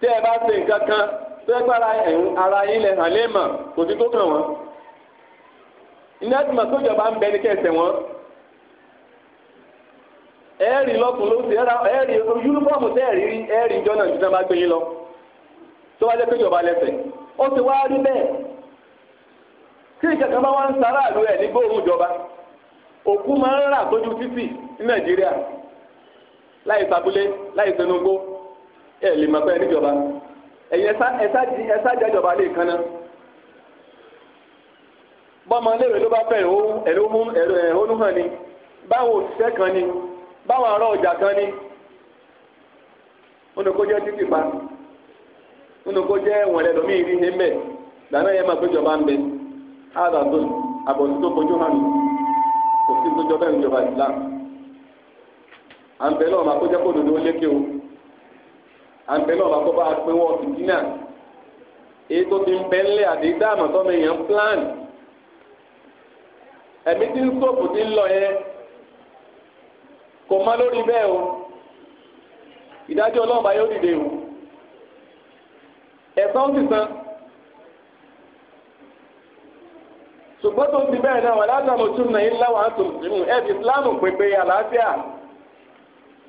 tí ẹ bá ṣe nǹkan kan tẹ́gbára ẹ̀hún ara yín lẹ hàn léèmọ̀ kò sí tó kàn wọ́n iná tí ń bẹ ní kẹsẹ̀ wọn ẹ̀ẹ́rì lọ́kùn ló ń ẹ̀ẹ́rì yúnífọ́ọ̀mù rí ẹ̀ẹ́rì ìjọ náà gbé yín lọ tó wá pé ìjọba lẹ́sẹ̀ ó ti rí bẹ́ẹ̀ tí ìjọba ń òkú máa ń rà tójú títì ní nàìjíríà láì sábúlé láì sẹnugbó ẹ lè mọ̀ pé ẹ níjọba ẹ̀yin ẹ̀sá jẹ́jọba lè kan náà bọ́mọ léèrè ló bá fẹ́ ẹ̀hónú hàn ni báwọn òṣìṣẹ́ kan ni báwọn ará ọjà kan ni wọn kò jẹ́ títì pa wọn kò jẹ́ wọ̀nlẹ́dọ̀mí ìrìn ní mbẹ́ dáná yẹn máa péjọba ń bẹ áàdà tó àbọ̀tún tó fojú hàn mí kò sí tó jọ bẹ́ẹ̀ ní ìjọba islam à ń bẹ náà máa kó jẹ́ kó dodo lékè o à ń bẹ náà máa kó bá a pé wọ́n ti dínà èyí tó ti ń bẹ ńlẹ̀ àti dáàmú tọ́mọ èèyàn plan ẹ̀mí tí ń sóòpù ti ń lọ yẹn kò má lórí bẹ́ẹ̀ o ìdájọ́ ọlọ́ọ̀bá yóò dìde o ẹ̀san ó san. ṣùgbọ́n tó ti bẹ́ẹ̀ náà wà látàmú tún náà ńlá wà á tún nínú ẹ̀ ti ìsìláàmù pépé àlàáfíà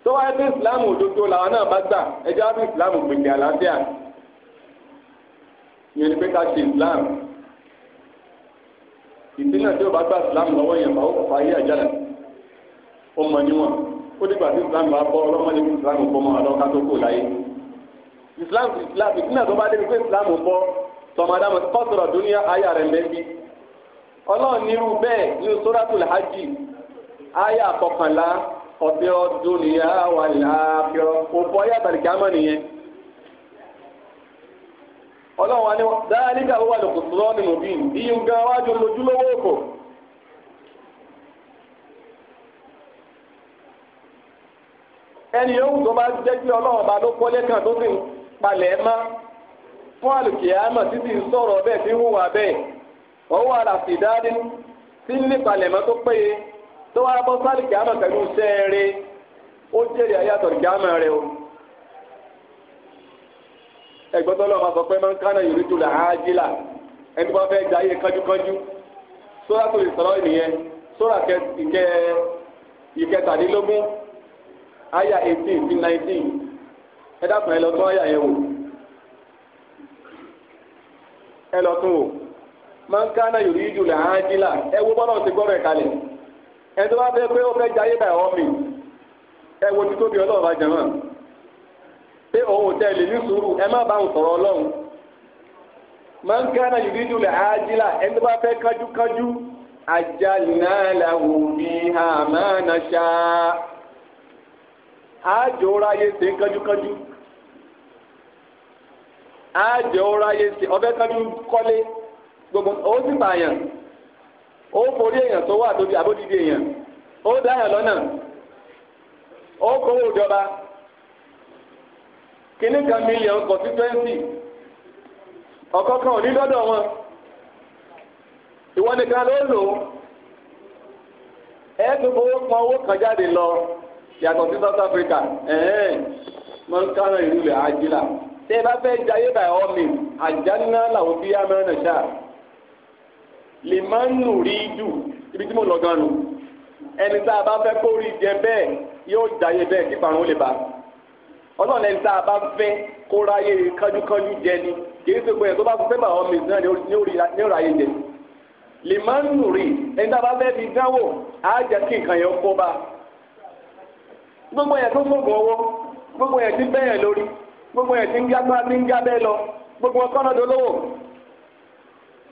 tó wáyé pé ìsìláàmù òdodo làwọn náà bá gbà ẹjọ́ á fi ìsìláàmù pépé àlàáfíà yẹn ni pé ká ṣe ìsìláàmù ìdínà tí o bá gba ìsìlámù lọ́wọ́ yẹn bá ó kọ̀ fà yé àjálẹ̀ ó mọ níwọ̀n ó dìgbà tí ìsìlámù bá bọ́ ọlọ́mọdé fún ìsìlámù bọ́ mọ́ àlọ́ tó kó láyé ìsìlámù ìsìlámù ìdínà tó bá débi ọlọ́run nírú bẹ́ẹ̀ ní suratul hajj ayé àkọkànlá ọ̀bẹ ọdún nìyá wà láàbẹ̀ òfò ayé ya nìyẹn ọlọ́run wa ni wà lóko nínú bí iye lójúlówó ẹni yòówù tó bá jẹ́ ọlọ́run ọba ló kọ́lé kan tó sì ń palẹ̀ ẹ́ má fún àlùkìyàmọ̀ títí sọ̀rọ̀ bẹ́ẹ̀ fi hùwà bẹ́ẹ̀. wọ́n wà láti dáadé tí nípalẹ̀mọ́ tó péye tó wá bọ́ sálìkì àmọ̀ pẹ̀lú iṣẹ́ ó ayàtọ̀ o. ẹ̀gbọ́n tó lọ́wọ́ sọ pé máa ń kánà yòrìtò là á jìlà ẹni wọ́n fẹ́ jayé kánjúkánjú sóra tó lè sọ̀rọ̀ nìyẹn sóra ìkẹtàdínlógún àyà eighteen sí nineteen ẹ dákun ẹ lọ tún àyà yẹn wò ẹ lọ tún wò. mankana yòrò yìí jùlọ àájìlá ẹ wo bọ́lá ti gbọ́rọ̀ ẹ̀ kalẹ̀ ẹni tó bá fẹ́ pé ó fẹ́ jayé bá ẹ̀họ́ mi ẹ wo títóbi ọlọ́run bá jẹ̀mọ́ pé òun ò tẹ́ lè ní sùúrù ẹ má bá sọ̀rọ̀ ọlọ́run mankana yòrò yìí jùlọ àájìlá ẹni tó bá fẹ́ kájúkájú àjálìnà làwọn òbí àmàna ṣá àjò ráyé ṣe kájúkájú àjò ráyé ṣe ọbẹ̀ kájú kọ́lé. gbogbo ó sì pààyàn ó forí èèyàn tó wà tóbi àbódìdí èèyàn ó dáyàn lọ́nà ó kówó ìjọba O kan mílíọ̀nù constituency ò ní lọ́dọ̀ wọn ìwọ nìkan ló lò ó ẹ̀ẹ́dùn kan owó kan jáde lọ yàtọ̀ sí South Africa ẹ̀ẹ́n ìlú rẹ̀ àjìlá tẹ́ ẹ bá fẹ́ jayé báyọ̀ mi làwọn yá mẹ́rin náà ṣáà. lè má ń nù rí jù ibi tí mo lọ gan nù ẹni tá a bá fẹ́ kó rí jẹ bẹ́ẹ̀ yóò jáyé bẹ́ẹ̀ kí parun ó lè bá ọlọ́run ẹni tá a bá fẹ́ kó ráyè kánjúkánjú jẹ ni kìí ṣe gbọ́dọ̀ tó bá fẹ́ bàwọn mi náà ní ó ráyè jẹ lè má nù rí ẹni tá a bá fẹ́ fi dánwò á jẹ́ kí nǹkan yẹn kó bá gbogbo yẹn tó gbogbo owó gbogbo yẹn ti bẹ́ẹ̀ lórí gbogbo yẹn ti ń gbá gbá ti ń gbá bẹ́ẹ̀ lọ gbogbo ọkọ́ náà dolówó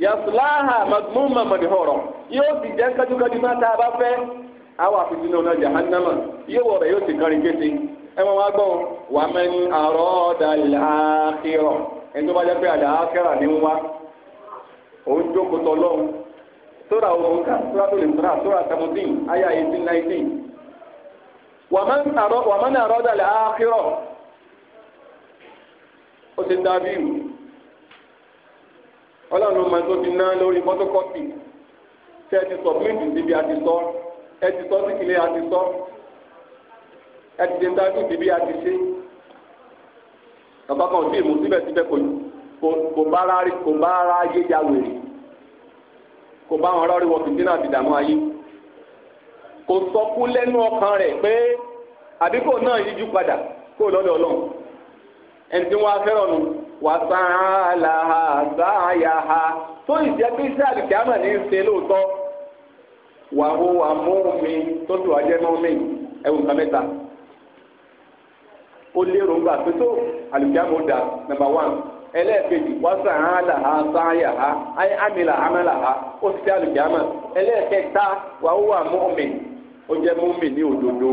yasulaha madmuma madihoro yóò ti jẹ kájúkájú máa tá a bá fẹ́ àwọn àfitì náà náà jahannama yóò wọ̀ rẹ̀ yóò ti kárí kété ẹ máa wá gbọ́ wà mẹ́ni àrọ́ dalẹ̀ àkírọ̀ ẹni tó bá jẹ́ pé àdá àkírà ni ń wá òun jókòó tọ́ lọ́hùn sóra òun ká sóra tó lè sóra sóra seventeen ayé eighteen nineteen wà mẹ́ni àrọ́ dalẹ̀ àkírọ̀ ti dábìrì ọlọ́run ló máa tó ti ná lórí photocopy tẹ ẹ ti sọ̀bílìtì síbi àti sọ ẹ ti sọ sí kìlẹ̀ àti sọ ẹ ti ṣe tábìlì síbi àti ṣe bàbá kan ò tí ì mú síbẹ̀síbẹ̀ kò bá ara yé ya wèrè kò bá wọn rọrí wọn fìdí náà ti dààmú ayé kò sọ kú lẹ́nu ọkàn rẹ̀ pé àbíkò náà yíjú padà kó lọ́dọ̀ ọlọ́run ẹni tí wọ́n á fẹ́ràn nù. wàtàrà sàáyàhà tó ìjẹ́ pé iṣẹ́ àlùkìámà ní í ṣe lóòótọ́ wàhó àmúhùnmi tó tù wájẹ́ mọ́mí ẹ̀wùn kan mẹ́ta ó lérò ń gbà pé tó àlùkìámà ó dà nàmbà wán ẹlẹ́ẹ̀kejì wàtàrà sàáyàhà ayé àmìlà àmàlàhà ó ti ṣe àlùkìámà ẹlẹ́ẹ̀kẹta wàhó àmúhùnmi ó jẹ́ mọ́mí ní òdodo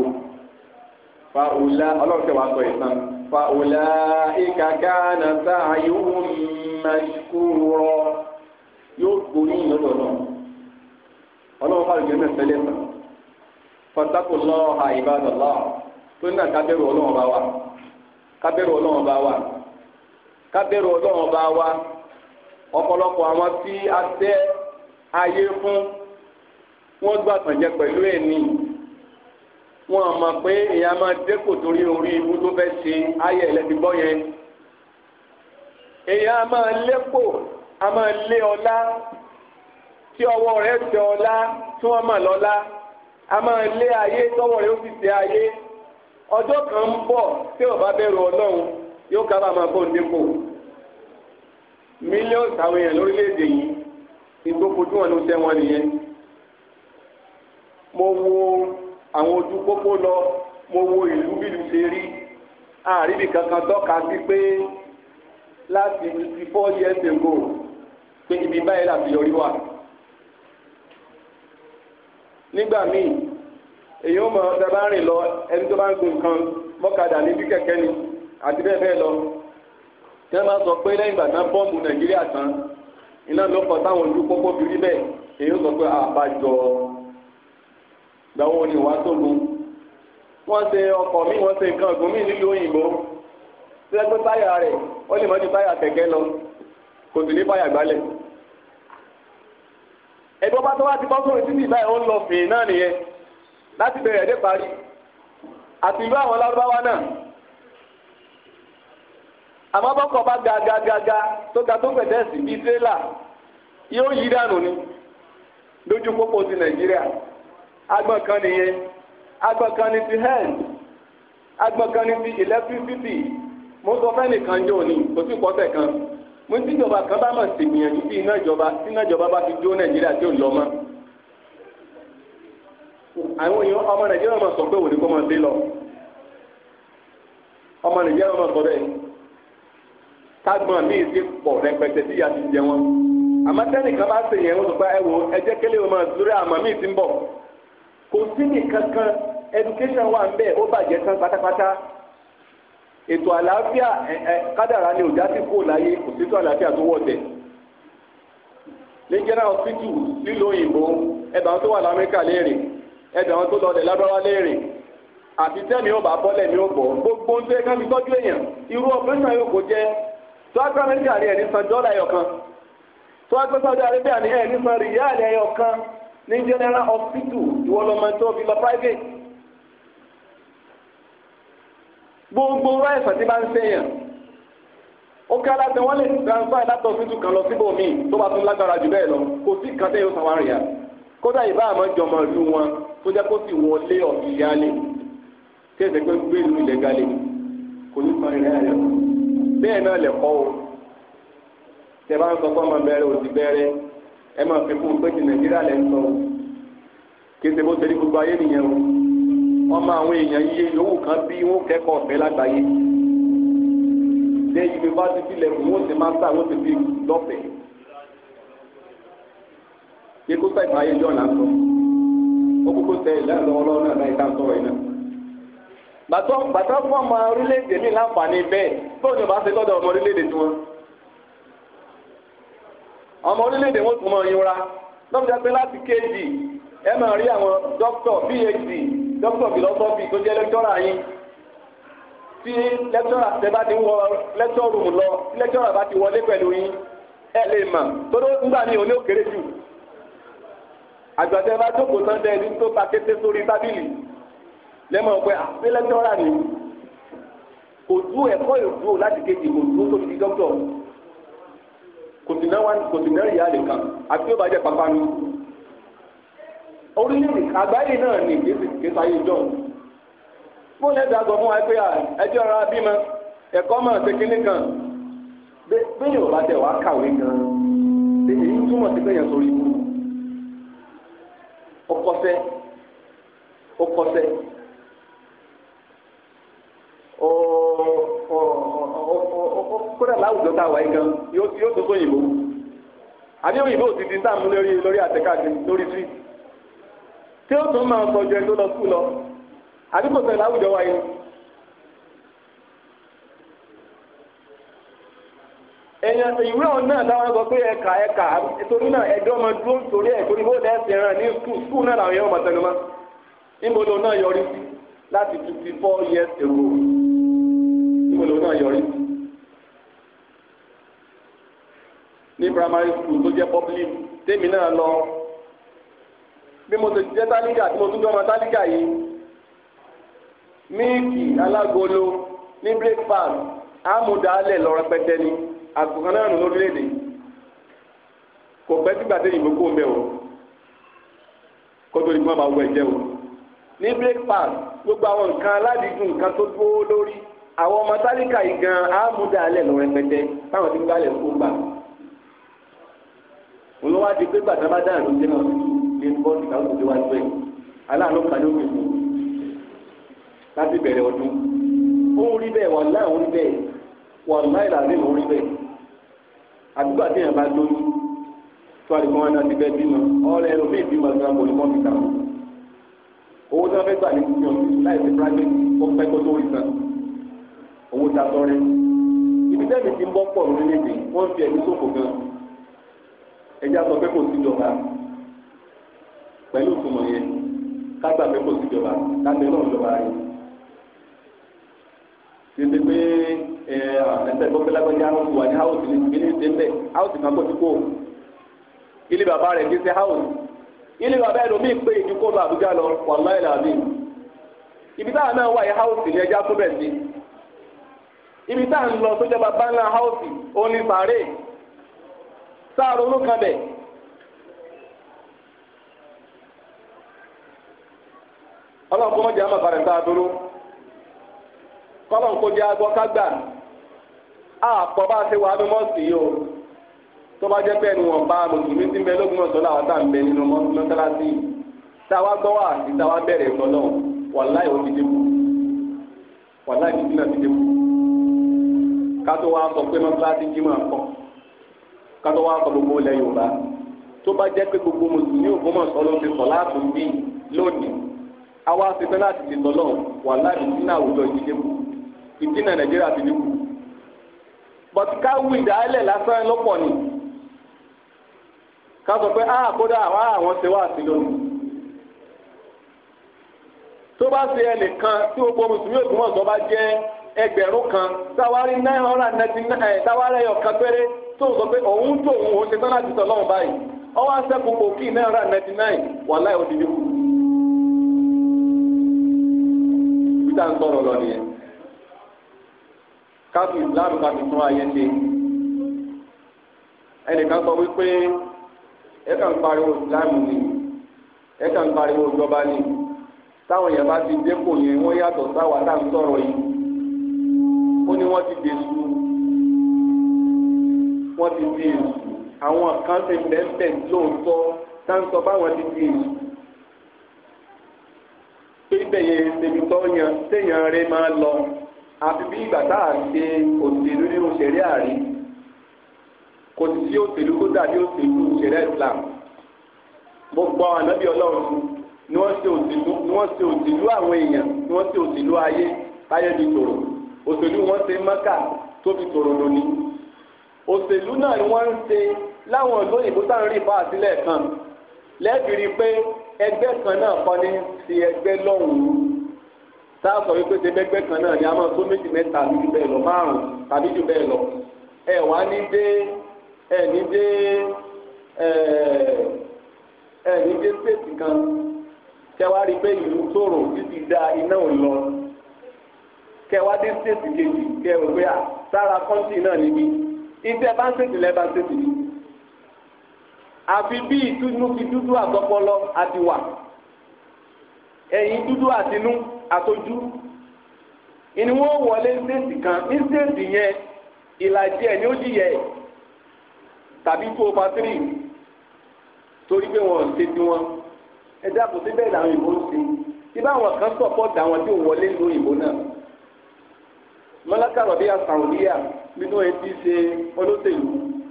fa òlà ọlọ́run sọ فأولئك كان سعيهم مشكورا yóò gbóyún lọ́dọ̀ náà ọlọ́run bá rìnrìn náà tẹ́lẹ̀ tán fọ́tàkù lọ́ọ̀ha ìbádọ́lá náà kábẹ́rù ọlọ́run bá wa àwọn tí a tẹ́ ayé fún wọ́n gbàtànjẹ pẹ̀lú ẹ̀ nìyí. wọn m'a pé èèyàn máa dẹ́kò torí orí ibú tó fẹ́ ṣe ayé ẹ̀lẹ́dìgbọ́ yẹn èèyàn a máa lépò a máa lé ọlá tí ọwọ́ rẹ̀ tẹ ọlá tí wọ́n máa lọ́lá a máa lé ayé tọ́wọ́ rẹ̀ ó sì tẹ ayé ọjọ́ kan ń bọ̀ tí ó bá bẹ̀rù ọlọ́run yóò kábàá máa bọ̀ nípò mílíọ̀nù àwọn èèyàn lórílẹ̀‐èdè yìí ìgbókòtú wọn ló tẹ́ wọn nìyẹn mo wo àwọn ojú pópó lọ mo wo ìlú bílù ṣe rí àríbì kankan tọ́ka sí pé láti fifty four years ago pé ibi báyìí láti yọrí wà. nígbà míì èyí ó mọ bàbá rìn lọ ẹni tó bá ń gun nǹkan mọ́kadà níbi kẹ̀kẹ́ ni àti bẹ́ẹ̀ bẹ́ẹ̀ lọ tẹ́ máa sọ pé lẹ́yìn ìgbà tán bọ́ọ̀mù nàìjíríà tán iná ló kọ táwọn ojú pópó fi rí bẹ́ẹ̀ èyí ó sọ pé àbájọ gbàwó ni wàá tóbu wọn ṣe ọkọ mi wọn ṣe nǹkan ọ̀gbìn mi nílùú òyìnbó sílẹ̀gbẹ́ táyà rẹ ó lè mọ́ ju táyà kẹ̀kẹ́ lọ kò sì ní báyà gbálẹ̀ ẹ̀gbọ́n bá tó wá ti bọ́ sórí títì báyìí ó ń lọ fìn náà nìyẹn láti bẹ̀rẹ̀ dé parí àti ìlú àwọn lárúbáwá náà ga ga ga ga tó ga tó sí bíi tírélà yóò yí dànù ni lójú pópó ti Nàìjíríà. agbọ̀n kan nìyẹn agbọ̀n kan ní ti hẹ́ẹ̀n agbọ̀n kan ní ti electricity mo sọ fẹ́ẹ̀nì kan jọ ni kò sí pọ́sẹ̀ kan mo ti ìjọba kan bá mọ̀ sí gbìyànjú bí iná ìjọba tí iná ìjọba bá fi jó nàìjíríà tí ò lọ mọ́ àwọn ọmọ nàìjíríà máa sọ pé òní kò máa dé lọ ọmọ nàìjíríà máa sọ bẹ́ẹ̀ tágbọ̀n ti pọ̀ rẹpẹtẹ tí ti jẹ wọn àmọ́ wọn sọ pé ẹ kélé máa dúró àmọ́ ti ń kò sí nìkan kankan education wà ń bẹ̀ ó bàjẹ́ tán pátápátá ètò àlàáfíà kádàrá ni òjá ti kó láyé kò sí àlàáfíà tó wọ̀tẹ̀ lẹ́gẹ́rà hospital nílùú òyìnbó ẹ̀bà wọn tó wà lamẹ́ríkà léèrè wọn tó lọ mi ó bọ̀ gbogbo ń tọ́jú èèyàn irú ọ̀pẹ́sàn yóò kó jẹ́ tó ẹ̀ ní san ní general hospital ìwọ lọ́mọ tó fi lọ private gbogbo ráìsàn tí bá ń sẹ́yìn ó ká láti wọ́n lè transfer látọ̀ fíjú kan lọ síbò míì tó bá tún lágbára jù bẹ́ẹ̀ lọ kò sí kan tẹ́ yóò sàwọn àrìyá kódà ìbá àmọ́ jọmọ ìlú wọn tó jẹ́ kó sì wọlé ọ̀sìn ìyáálé kí ẹ̀sẹ̀ pé gbé ìlú ilẹ̀ galè kò ní san ìrìn àyẹ̀wò bẹ́ẹ̀ náà lẹ̀kọ́ o tẹ bá ń sọ fọ́ọ̀mù bẹ̀rẹ̀ òsì bẹ̀rẹ̀ ẹ máa fi fún un pé ti nàìjíríà lẹ́ ń sọ o kí ṣe bó ṣe ní gbogbo ayé nìyẹn o ọmọ àwọn èèyàn yíyé yòówù kan bí wọn kẹ́kọ̀ọ́ ọ̀fẹ́ lágbàáyé dé yunifásitì lẹ́kùn wọn ti máa ń sá wọn ti fi lọ́fẹ̀ẹ́ kíkó sẹ́yìn ayé jọ̀ là ń sọ ó kúkú sẹ́yìn lẹ́yìn lọ́wọ́ lọ́wọ́ náà láì dáhùn sọ̀rọ̀ yìí náà. bàtọ́ fún ọmọ orílẹ̀-èdè mi láǹfààní bẹ́ẹ̀ bóun ni bàá ṣe lọ́dọ̀ ọmọ orílẹ̀-èdè tiwọn ọmọ orílẹ̀-èdè wọn tún mọ ìyọra lọ́mọdé pé láti kg ẹ máa rí àwọn dókítọ̀ phd dókítọ̀ philosophy tó jẹ́ lẹ́kítọ́rà yín tí lẹ́kítọ́rà tẹ bá ti wọ lẹ́kítọ́ rúùmù lọ tí lẹ́kítọ́rà bá ti wọlé pẹ̀lú yín ẹ lè mà tó ló ń gbà ní òní òkèrè jù àgbàdo ẹ bá jókòó tán dẹ ẹni tó ta kété sórí tábìlì lẹ́mọ̀ pé àti lẹ́kítọ́rà ni kò tú ẹ̀kọ́ ìdúró láti kejì kò dúró tóbi dókítọ̀ kò sì náwó kò sì náà rí àlè kan àti tí ó bá jẹ pápánu orílẹ̀-èdè àgbáyé náà ní ìgbésà yìí jọ fún lẹ́dàá gbọ́ fún wa pé ẹjọ́ ara bímọ ẹ̀kọ́ mọ̀ ṣe kínní kan bẹ́ẹ̀ ò bá tẹ̀ wá kàwé gan èyí túmọ̀ sí pé sórí ikú ó kọsẹ̀ ó ó ó ó kódà láwùjọ tá a wáyé gan yóò tó sóyìnbó àbí òyìnbó ti di sáà mú lórí lórí àtẹ̀káàdì lórí tí tí ó tún máa sọ jẹ tó lọ sùn lọ àbí kò sọ̀rọ̀ wáyé. èèyàn sọ pé ẹ̀ka ẹ̀ka torí náà ẹ̀dọ́ ọmọ dúró torí ẹ̀ torí ẹran ní skul náà làwọn yẹn wọ́n níbo náà yọrí sí láti fifty four níbo lòun náà yọrí sí ní primary school tó jẹ́ public tèmi náà lọ bí mo ti jẹ́ tálíkà tí mo tún jọ́ ọmọ tálíkà yìí míìkì alágolo ní breakfast àmúdálẹ̀ lọ rẹpẹtẹ ni àgùnkàn náà nù lórílẹ̀‐èdè kò pẹ́ sígbà tí ìbò kò mẹ́ o kó tó di fún ọmọ àwọn ẹ̀jẹ̀ o ní breakfast gbogbo àwọn nǹkan aládìgún nǹkan tó dúró lórí àwọn ọmọ tálíkà yìí gan ámúdà alẹ́ lọ rẹpẹtẹ báwọn ti ń gbálẹ̀ kó gbà olówó adi pé gbàtà bá dáhà ló dé náà lè bọ́ ìka ó lè wá ju ẹ̀ aláàánú kan ló gbèsè láti bẹ̀rẹ̀ ọdún ó ń rí bẹ́ẹ̀ wọ́n láà ń rí bẹ́ẹ̀ wọ́n láì làbí ń rí bẹ́ẹ̀ àdúgbò àti èèyàn bá dóyún tó àdìgbò wọn náà ti bẹ́ẹ̀ bímọ ọ̀rẹ́ ẹ̀rọ mi ìbímọ gan kò ní mọ́ owó tí wọ́n fẹ́ gbà ní kíkọ́ láì fi private ó fẹ́ kó tó rí sàn owó ta tọrẹ ibi tẹ́lẹ̀ ti ń bọ́ pọ̀ lórílẹ̀‐èdè wọ́n ń fi ẹ̀mí ṣòfò gan ẹja sọ pé kò síjọba pẹ̀lú ìtumọ̀ yẹn kágbà pé kò síjọba kágbẹ́ náà jọba rẹ̀ tètè pé ẹ ẹsẹ̀ gbọ́gbẹ́lágbẹ́já ń wà ní house ní ìdílé ìdílé house kan kó ti kó ilé bàbá rẹ̀ kí n ṣe house ilé bàbá ẹlòmíì pé ìdíkó lọ Àbújá lọ wàláìlà mi ibi táwọn náà wà yẹ house ní ẹja tó bẹ̀ sí ibi tá à ń lọ tó jẹ́ bàbá ńlá haúsì òun ni sàárè sáà ronú kan bẹ̀. ọlọ́run kó mọ̀jẹ̀ àmọ̀ fàrẹ̀ sáà dúró kọ́lọ́n kó jẹ́ agbọ́ kágbà àpọ̀ bá ṣe wà á bí mọ́ọ̀sì yìí o tó bá jẹ́ pé ẹni wọ̀n a mùsùlùmí ti ń bẹ lógún ọ̀sán làwọn tá à ń bẹ nínú mọ́sálásí táwa gbọ́ wà sí táwa bẹ̀rẹ̀ ìtọ́lọ́ wàláì ó ti dé kù wàláì ti ti dé kù kátó wá sọ pé mọ́tíláṣí jí máa pọ̀ kátó wá sọ gbogbo ilẹ̀ yorùbá tó bá jẹ́ pé gbogbo mùsùlùmí Ògbómọ̀ṣọ́ ló ti sọ láàtún bí lónìí àwa ti fẹ́ láti ti sọ náà wà láti sínú àwùjọ ìdílé kù ìdínà nàìjíríà ti dínkù bọ̀tí ká wí ìdálẹ̀ lásán lọ́pọ̀ ni ká sọ pé áà ah, kódà àwọn àwọn ṣe wá sí lónìí tó bá ṣe ẹnìkan tí gbogbo mùsùlùmí Ògbómọ̀ṣọ́ bá jẹ́ ẹgbẹ̀rún kan tawari nine hundred ninety nine eh, táwárí ẹyọ péré tó sọ pé òun tó òun ò ṣe tán láti sọlọ́run báyìí ọwọ́ àṣẹ́kù kò nine hundred ninety nine islam tún ayé ṣe ẹnìkan sọ wípé ẹ kàn ń pariwo ni ẹ kàn ń pariwo ìjọba wọ́n ti dèṣù wọ́n ti di èṣù àwọn kan ti bẹ́ẹ̀bẹ́ẹ̀ lóòótọ́ táǹsọ̀ báwọn ti di èṣù pípẹ́ yẹn ṣèbí tó yan téèyàn rẹ máa lọ àfi bí ìgbà tá à ń ṣe òṣèlú nínú ìṣẹ̀rí àárí kò sí sí òṣèlú tó dàbí òṣèlú ìṣẹ̀rí Islam gbogbo àwọn ànábì Ọlọ́run ni wọ́n ṣe òṣèlú àwọn èèyàn ni wọ́n ṣe òṣèlú ayé ayé di tòrò òṣèlú wọn ṣe mọ́kà tóbi tòròdò ni òṣèlú náà ni wọ́n ń ṣe láwọn olóyìnbó tá à ń rí ìfọ́ àtìlẹ̀ kan lẹ́bìrì pé ẹgbẹ́ kan náà kọ́ ní ti ẹgbẹ́ lọ́hùn-ún tá a sọ wípé ṣe bẹ́gbẹ́ kan náà ni a máa tó méjì mẹ́ta àbí jù bẹ́ẹ̀ lọ márùn-ún tàbí jù bẹ́ẹ̀ lọ ẹ wá ní dé ẹ ní dé ẹ ẹ dé stéètì kan kẹwàá pé ìlú tòrò títí da iná ò lọ kẹwàá dé stéètì kejì kẹwàá gbé à sára kọ́ńtì náà níbí ìtẹ́ bá ń sètì lẹ́ẹ̀ bá ń sètì ní. àfi bí ìtúnú fi dúdú àtọpọlọ àti wà ẹ̀yìn dúdú àtinú àtọjú ìní wọn wọlé stéètì kan ní stéètì yẹn ìlàjì ẹ̀ ni ó jìyẹ tàbí tó o pa tírì torí pé wọn ò ṣe tiwọn ẹ dáàbò síbẹ̀ làwọn ìbò ń ṣe ibà àwọn kan sọ̀pọ̀ tàwọn tí ò wọlé lu ìbò náà mọ́lákà rọ̀bí àsàwòlíyà nínú etí ṣe olóṣèlú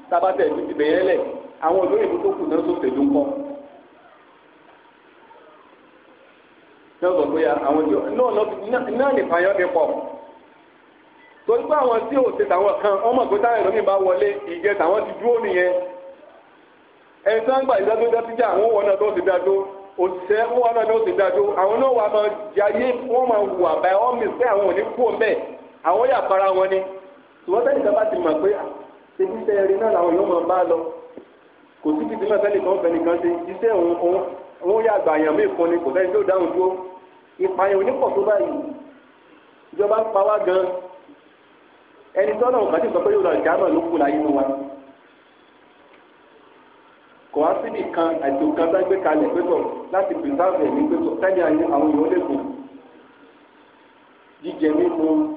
tábàtẹ̀ ti ti bẹ̀yẹ́ lẹ̀ àwọn olóyìnbó tó kù náà sòṣèlú ńkọ́. náà sọ pé àwọn tí náà lọ náà lè fàyọ́ mi pọ̀ torí pé àwọn tí ò ṣe tàwọn kan ọmọ ìgbé táwọn ẹ̀rọ mi bá wọlé ìjẹ tàwọn ti dúró nìyẹn ẹni tí wọ́n gbà ìdádó dátíjà àwọn wọn náà tó ti dádó òṣìṣẹ́ wọn náà tó ti dádó àwọn náà wà máa jayé wọ́n máa wù àbáyé wọ́n mi sí àwọn òní kú ọ̀bẹ́ẹ̀ àwọn yà para wọn ni ṣùgbọ́n sẹ́yìn tó bá ti mọ̀ pé ṣèjì tẹ ẹrin náà làwọn yóò máa bá lọ kò sí fìdí náà sẹ́yìn kan fẹ́ni kan ṣe iṣẹ́ òun òun yà gbà yàn míì fún ni kò sẹ́yìn tó dáhùn dúró ìpààyàn onípọ̀ tó báyìí ìjọba pa wá gan ẹni tọ́nà òkà ti sọ pé yóò lọ ìjà náà ló kù láyé wa kò wá síbi kan àti òkan bá gbé kalẹ̀ pẹ́tọ̀ láti pèsè àfẹ̀ ní pẹ́tọ̀ tẹ́lẹ̀ àwọn èèyàn kù jíjẹ mímu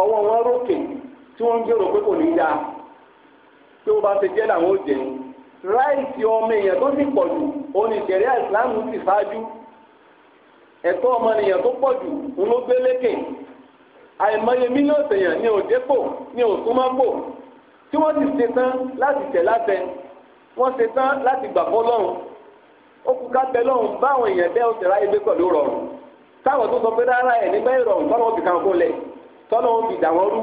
ọwọ́ wọn rókè tí wọ́n ń gbèrò pé kò ní yá pé wọ́n bá ṣe jẹ́ làwọn ò jẹ́ ráìtì ọmọ èèyàn tó sì pọ̀ jù òun ni ṣẹ̀ríà ìsìláàmù ti ṣáájú ẹ̀tọ́ ọmọnìyàn tó pọ̀ jù òun ló gbé lékè àìmọye mílíọ̀nù èèyàn ni òdépò ni òsúnmọ́pò tí wọ́n ti ṣe tán láti tẹ̀ látẹ wọ́n ṣe tán láti gbà fọ́ lọ́run ó kú ká bẹ lọ́run báwọn èèyàn bẹ́ẹ̀ ó ṣẹ̀ráyé gbé pẹ̀lú rọrùn táwọn tó sọ pé rárá ẹ̀ nígbà ìrọ̀rùn báwọn fi kàn kó lẹ̀ tọ́lọ́ ń fi dàwọ́ rú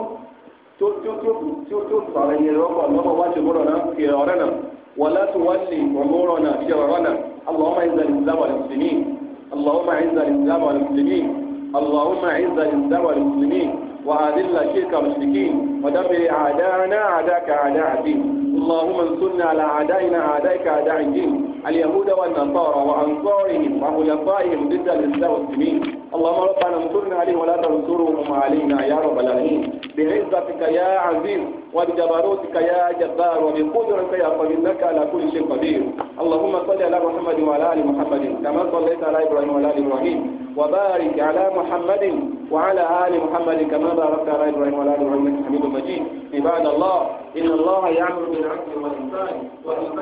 tí ó tí ó tí ó tí ó tí ó sọ̀rọ̀ yẹn lọ́kọ̀ lọ́kọ̀ wá ṣe gbọ́dọ̀ náà fi ọ̀rẹ́ náà wọlé tó wá ṣe ọmọọrọ náà fi ọ̀rọ̀ náà allahumma izza al-islam wal muslimin allahumma izza al-islam wal muslimin allahumma izza al-islam wal muslimin wa adilla shirka al-mushrikin ودفع أعداءنا أعداءك أعداء الدين اللهم انصرنا على أعدائنا أعدائك أعداء الدين اليهود والنصارى وأنصارهم وخلفائهم ضد الإسلام والمسلمين اللهم ربنا انصرنا عليهم ولا تنصرهم علينا يا رب العالمين بعزتك يا عزيز وبجبروتك يا جبار وبقدرتك يا قوي انك على كل شيء قدير اللهم صل على محمد وعلى ال محمد كما صليت على ابراهيم وعلى ال ابراهيم وبارك على محمد وعلى ال محمد كما باركت على ابراهيم وعلى ال ابراهيم حميد مجيد عباد الله إن الله يعمل بالعدل والإنسان